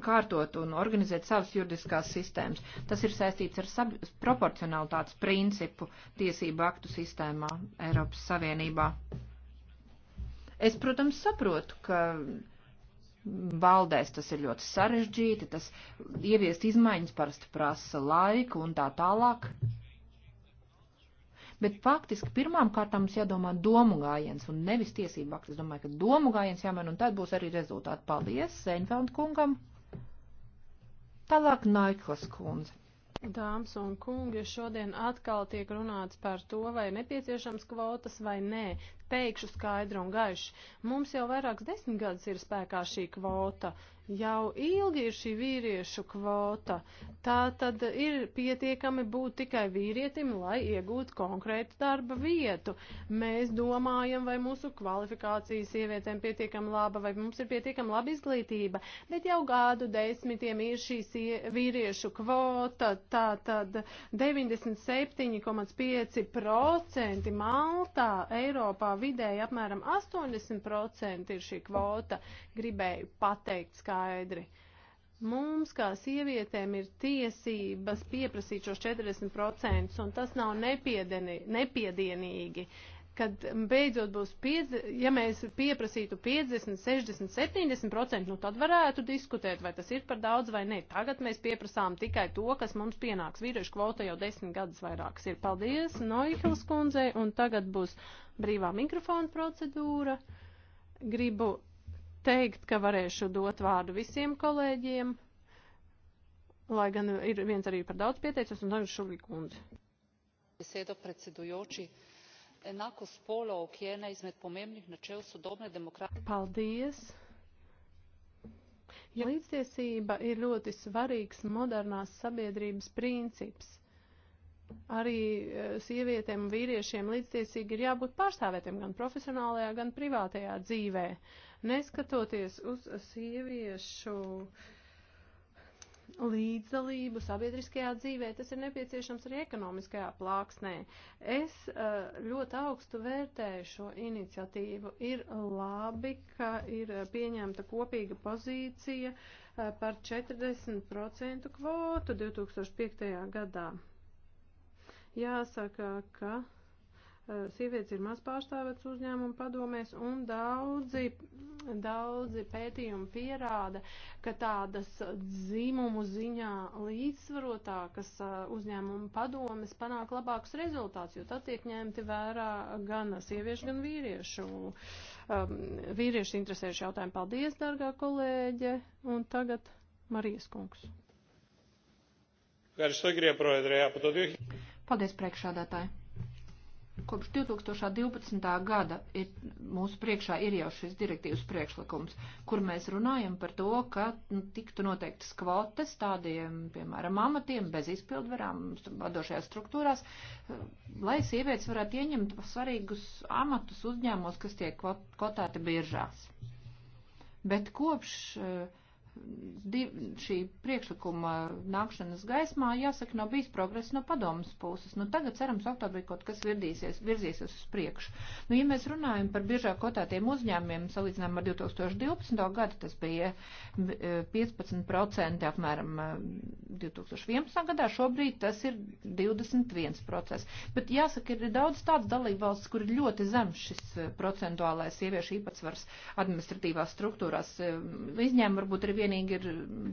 kārtot un organizēt savas juridiskās sistēmas. Tas ir saistīts ar sab... proporcionalitātes principu tiesību aktu sistēmā Eiropas Savienībā. Es, protams, saprotu, ka valdēs tas ir ļoti sarežģīti, tas ieviest izmaiņas parasti prasa laiku un tā tālāk. Bet faktiski pirmām kārtām mums jādomā domu gājiens un nevis tiesību akts. Es domāju, ka domu gājiens jāmēr un tad būs arī rezultāti. Paldies Seinfeld kungam. Tālāk Naiklas kundze. Dāmas un kungi, šodien atkal tiek runāts par to, vai nepieciešams kvotas vai nē. Teikšu skaidru un gaišu. Mums jau vairākas desmit gadus ir spēkā šī kvota, Jau ilgi ir šī vīriešu kvota. Tā tad ir pietiekami būt tikai vīrietim, lai iegūtu konkrētu darba vietu. Mēs domājam, vai mūsu kvalifikācija sievietēm pietiekami laba, vai mums ir pietiekami laba izglītība, bet jau gādu desmitiem ir šī vīriešu kvota. Tā tad 97,5% Maltā, Eiropā vidēji apmēram 80% ir šī kvota. Gribēju pateikt, kā skaidri. Mums, kā sievietēm, ir tiesības pieprasīt šos 40%, un tas nav nepiedienīgi kad beidzot būs, piedzi, ja mēs pieprasītu 50, 60, 70 procentu, nu tad varētu diskutēt, vai tas ir par daudz vai ne. Tagad mēs pieprasām tikai to, kas mums pienāks. Vīriešu kvota jau desmit gadus vairākas ir. Paldies Noihils kundzei, un tagad būs brīvā mikrofona procedūra. Gribu teikt, ka varēšu dot vārdu visiem kolēģiem, lai gan ir viens arī par daudz pieteicis, un tagad Šulī kundze. Besedo predsedujoči. Enakost spolov, ki je ena izmed pomembnih načel sodobne demokratije. Paldies! Ja līdztiesība ir ļoti svarīgs modernās sabiedrības princips, arī e, sievietēm un vīriešiem līdztiesīgi ir jābūt pārstāvētiem gan profesionālajā, gan privātajā dzīvē. Uh, Neskatoties uz sieviešu līdzdalību sabiedriskajā dzīvē, tas ir nepieciešams arī ekonomiskajā plāksnē. Es eh, ļoti augstu vērtēju šo iniciatīvu. Ir labi, ka ir pieņemta kopīga pozīcija eh, par 40% kvotu 2005. gadā. Jāsaka, ka Eh, sievietes ir maz pārstāvētas uzņēmumu padomēs, un daudzi, daudzi pētījumi pierāda, ka tādas dzimumu ziņā līdzsvarotākas eh, uzņēmumu padomes panāk labākus rezultātus, jo tad tiek ņemti vērā gan sieviešu, gan vīriešu. Um, vīriešu interesējuši jautājumu. Paldies, dārgā kolēģe, un tagad Marijas kungs. Paldies, priekšādātāji. Kopš 2012. gada ir, mūsu priekšā ir jau šis direktīvas priekšlikums, kur mēs runājam par to, ka nu, tiktu noteiktas kvotas tādiem, piemēram, amatiem bez izpildvarām vadošajās struktūrās, eh, lai sievietes varētu ieņemt svarīgus amatus uzņēmumos, kas tiek kvotēti biržās. Bet kopš uh, div, šī priekšlikuma nākšanas gaismā, jāsaka, nav bijis progress no padomas puses. Nu, tagad cerams, oktobrī kaut kas virdīsies, virzīsies uz priekšu. Nu, ja mēs runājam par biežāk kotētiem uzņēmumiem, salīdzinām ar 2012. gadu, tas bija 15% e, apmēram 2011. E, gadā, šobrīd tas ir 21%. Bet jāsaka, ir daudz tāds dalību valsts, kur ir ļoti zems šis e, procentuālais sieviešu īpatsvars administratīvās struktūrās. Izņēmumi varbūt ir vienīgi ir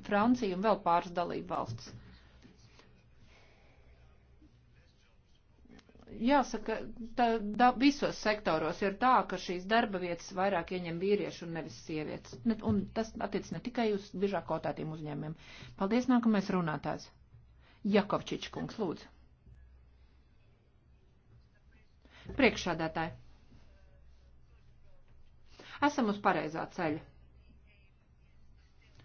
Francija un vēl pāris dalību valsts. Jāsaka, tā, da, visos sektoros ir tā, ka šīs darba vietas vairāk ieņem vīrieši un nevis sievietes. Un tas attiec ne tikai uz biežāk kotētiem uzņēmiem. Paldies, nākamais runātājs. Jakovčič kungs, lūdzu. Priekšādātāji. Esam uz pareizā ceļa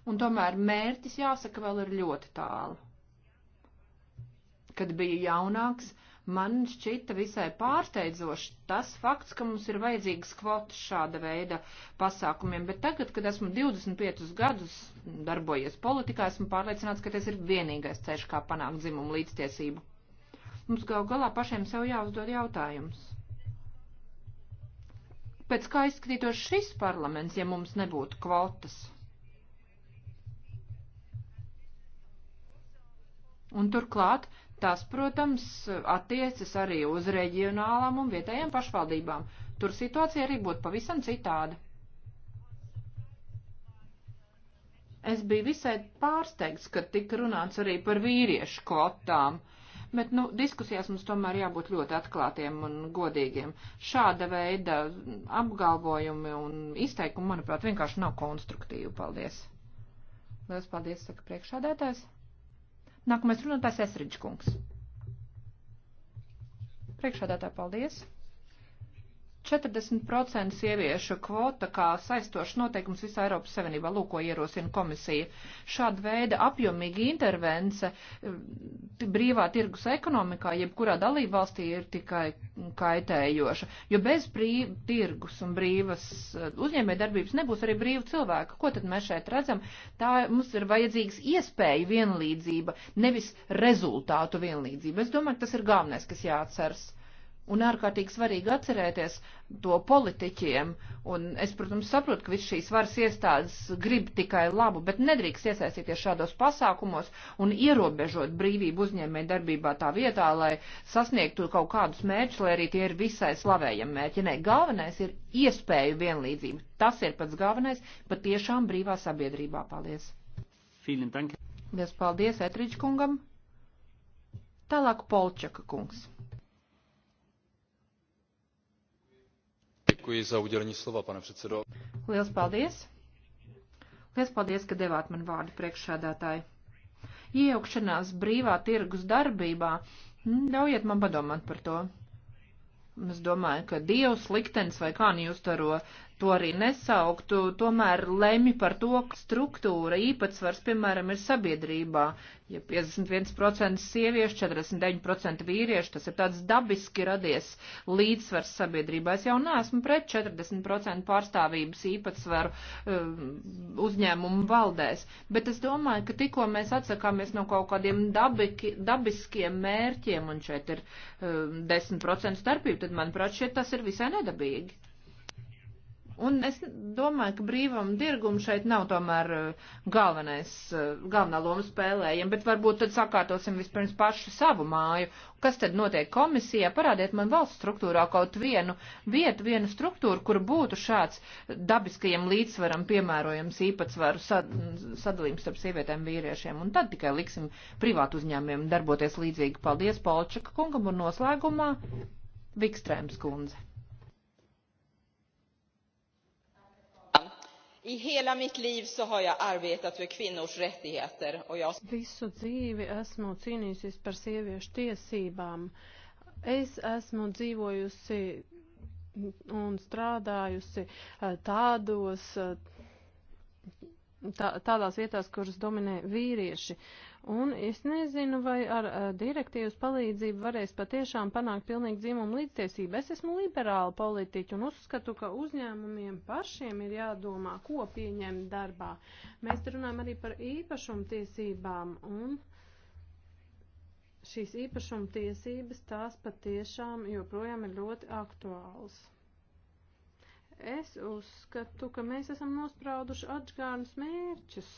un tomēr mērķis, jāsaka, vēl ir ļoti tālu. Kad biju jaunāks, man šķita visai pārsteidzoši tas fakts, ka mums ir vajadzīgas kvotas šāda veida pasākumiem, bet tagad, kad esmu 25 gadus darbojies politikā, esmu pārliecināts, ka tas ir vienīgais ceļš, kā panākt dzimumu līdztiesību. Mums gal galā pašiem sev jāuzdod jautājums. Pēc kā izskatītos šis parlaments, ja mums nebūtu kvotas? Un turklāt tas, protams, attiecas arī uz reģionālām un vietējām pašvaldībām. Tur situācija arī būtu pavisam citāda. Es biju visai pārsteigts, ka tika runāts arī par vīriešu kvotām. Bet, nu, diskusijās mums tomēr jābūt ļoti atklātiem un godīgiem. Šāda veida apgalvojumi un izteikumi, manuprāt, vienkārši nav konstruktīvi. Paldies! Lielas paldies, saka priekšādētājs! Nākamais runātājs Esriģis kungs. Priekšādātā paldies. 40% sieviešu kvota kā saistošs noteikums visā Eiropas Savienībā, lūk, ko ierosina komisija. Šāda veida apjomīga intervence eh, brīvā tirgus ekonomikā, jebkurā dalība valstī, ir tikai kaitējoša. Jo bez brīv, tirgus un brīvas eh, uzņēmē darbības nebūs arī brīvu cilvēku. Ko tad mēs šeit redzam? Tā mums ir vajadzīgs iespēju vienlīdzība, nevis rezultātu vienlīdzība. Es domāju, tas ir galvenais, kas jāatceras. Un ārkārtīgi svarīgi atcerēties to politiķiem, un es, protams, saprotu, ka viss šīs varas iestādes grib tikai labu, bet nedrīkst iesaistīties šādos pasākumos un ierobežot brīvību uzņēmē darbībā tā vietā, lai sasniegtu kaut kādus mērķus, lai arī tie ir visai slavējami mērķi. Nē, galvenais ir iespēju vienlīdzība. Tas ir pats galvenais patiešām brīvā sabiedrībā. Paldies! Vielen dank! Liels paldies Etriģ kungam! Tālāk Polčaka kungs. pane predsedo. Liels paldies! Liels paldies, ka devāt man vārdu priekšsēdētāji. Iejaukšanās brīvā tirgus darbībā, hm, ļaujiet man padomāt par to. Es domāju, ka Dievs liktenis vai kā nu jūs to to arī nesauktu, tomēr lemj par to, ka struktūra īpatsvars, piemēram, ir sabiedrībā. Ja 51% sieviešu, 49% vīriešu, tas ir tāds dabiski radies līdzsvars sabiedrībā. Es jau neesmu pret 40% pārstāvības īpatsvaru um, uzņēmumu valdēs, bet es domāju, ka tikko mēs atsakāmies no kaut kādiem dabiki, dabiskiem mērķiem, un šeit ir um, 10% starpība, tad, manuprāt, šeit tas ir visai nedabīgi. Un es domāju, ka brīvam dirgumu šeit nav tomēr eh, galvenais, eh, galvenā loma spēlējiem, bet varbūt tad sakārtosim vispirms pašu savu māju. Kas tad notiek komisijā? Parādiet man valsts struktūrā kaut vienu vietu, vienu struktūru, kur būtu šāds dabiskajam līdzsvaram piemērojams īpatsvaru sad, sadalījums starp sievietēm vīriešiem. Un tad tikai liksim privātu uzņēmumiem darboties līdzīgi. Paldies Polčaka kungam un noslēgumā Vikstrēms kundze. I hela mitt liv så har jag arbetat för kvinnors rättigheter och jag... Visu dzīvi esmu cīnījusies par sieviešu tiesībām. Es esmu dzīvojusi un strādājusi eh, tādos eh, tā, tādās vietās, kuras dominē vīrieši. Un es nezinu, vai ar uh, direktīvas palīdzību varēs patiešām panākt pilnīgi dzimumu līdztiesību. Es esmu liberāla politiķa un uzskatu, ka uzņēmumiem pašiem ir jādomā, ko pieņemt darbā. Mēs runājam arī par īpašumtiesībām un šīs īpašumtiesības tās patiešām joprojām ir ļoti aktuāls. Es uzskatu, ka mēs esam nosprauduši atgārnus mērķus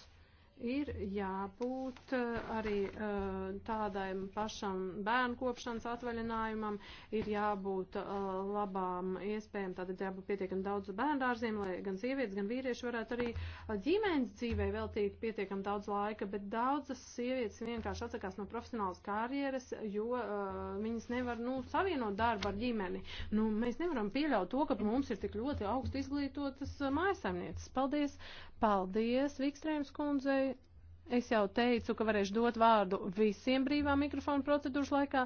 ir jābūt eh, arī eh, tādai pašam bērnu kopšanas atvaļinājumam, ir jābūt eh, labām iespējām, tātad jābūt pietiekami daudz bērndārziem, lai gan sievietes, gan vīrieši varētu arī ģimenes dzīvē veltīt pietiekami daudz laika, bet daudzas sievietes vienkārši atsakās no profesionālas karjeras, jo viņas nevar, nu, savienot darbu ar ģimeni. Nu, mēs nevaram pieļaut to, ka mums ir tik ļoti augstu izglītotas mājasaimnieces. Paldies! Paldies, Vikstrēms kundzei! Es jau teicu, ka varēšu dot vārdu visiem brīvā mikrofona procedūras laikā,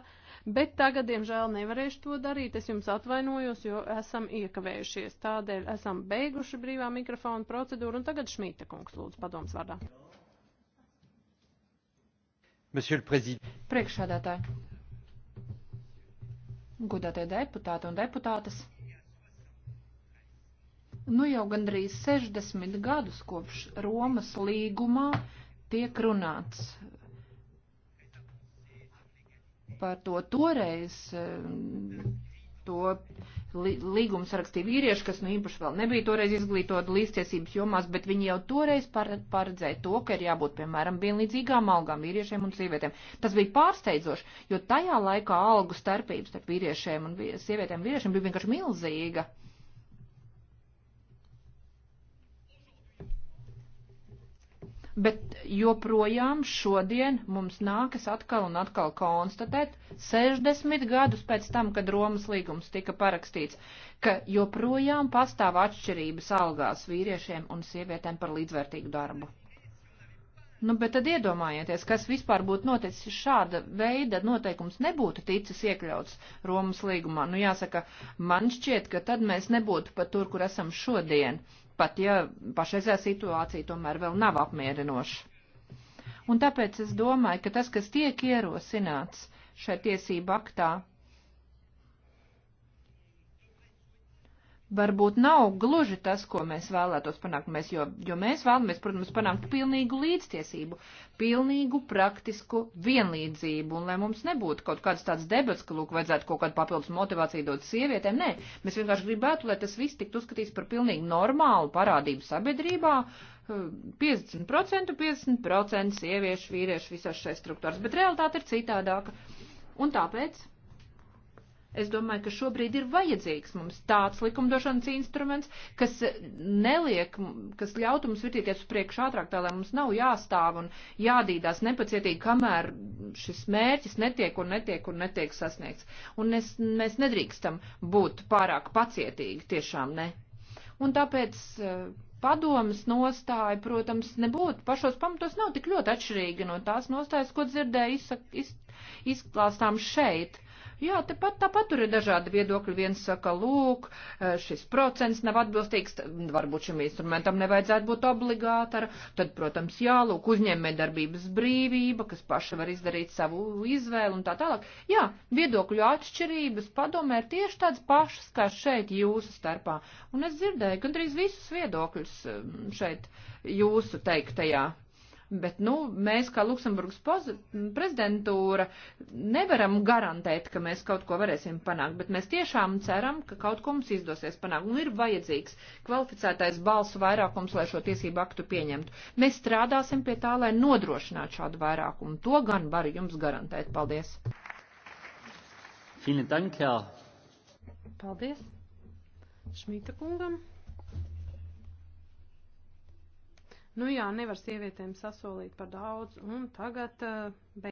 bet tagad, diemžēl, nevarēšu to darīt. Es jums atvainojos, jo esam iekavējušies. Tādēļ esam beiguši brīvā mikrofona procedūru, un tagad Šmīta kungs lūdzu padoms vārdā. Priekšādātāji, godātie deputāti un deputātas, nu jau gandrīz 60 gadus kopš Romas līgumā tiek runāts par to toreiz. Eh, to līgumu sarakstīja vīrieši, kas nu īpaši vēl nebija toreiz izglītoti līdztiesības jomās, bet viņi jau toreiz paredzēja to, ka ir jābūt, piemēram, vienlīdzīgām algām vīriešiem un sievietēm. Tas bija pārsteidzoši, jo tajā laikā algu starpības starp vīriešiem un sievietēm vīriešiem bija vienkārši milzīga. bet joprojām šodien mums nākas atkal un atkal konstatēt, 60 gadus pēc tam, kad Romas līgums tika parakstīts, ka joprojām pastāv atšķirības algās vīriešiem un sievietēm par līdzvērtīgu darbu. Nu, bet tad iedomājieties, kas vispār būtu noticis šāda veida noteikums nebūtu ticis iekļauts Romas līgumā. Nu, jāsaka, man šķiet, ka tad mēs nebūtu pat tur, kur esam šodien pat ja pašreizējā situācija tomēr vēl nav apmierinoša. Un tāpēc es domāju, ka tas, kas tiek ierosināts šai tiesību aktā, varbūt nav gluži tas, ko mēs vēlētos panākt, mēs, jo, jo mēs vēlamies, protams, panākt pilnīgu līdztiesību, pilnīgu praktisku vienlīdzību, un lai mums nebūtu kaut kāds tāds debats, ka, lūk, vajadzētu kaut kādu papildus motivāciju dot sievietēm, nē, mēs vienkārši gribētu, lai tas viss tiktu uzskatīts par pilnīgi normālu parādību sabiedrībā, 50%, hm, 50% sieviešu, vīriešu visās šajās struktūrās, bet realitāte ir citādāka, un tāpēc Es domāju, ka šobrīd ir vajadzīgs mums tāds likumdošanas instruments, kas neliek, kas ļautu mums virzīties uz priekšu ātrāk, tā lai mums nav jāstāv un jādīdās nepacietīgi, kamēr šis mērķis netiek un netiek un netiek sasniegts. Un es, mēs nedrīkstam būt pārāk pacietīgi, tiešām ne. Un tāpēc eh, padomas nostāja, protams, nebūtu pašos pamatos nav tik ļoti atšķirīga no tās nostājas, ko dzirdēju izklāstām šeit Jā, tepat tāpat tur ir dažādi viedokļi. Viens saka, lūk, e, šis procents nav atbilstīgs, varbūt šim instrumentam nevajadzētu būt obligātara. Tad, protams, jā, lūk, uzņēmē darbības brīvība, kas paša var izdarīt savu izvēlu un tā tālāk. Jā, viedokļu atšķirības padomē ir tieši tāds pašas kā šeit jūsu starpā. Un es dzirdēju gandrīz visus viedokļus e, šeit jūsu teiktajā bet, nu, mēs kā Luksemburgas prezidentūra nevaram garantēt, ka mēs kaut ko varēsim panākt, bet mēs tiešām ceram, ka kaut ko mums izdosies panākt, un ir vajadzīgs kvalificētais balsu vairākums, lai šo tiesību aktu pieņemtu. Mēs strādāsim pie tā, lai nodrošinātu šādu vairākumu. To gan varu jums garantēt. Paldies! Vielen Dank, Herr. Paldies Šmita kungam. Nu jā, nevar sievietēm sasolīt par daudz, un tagad uh,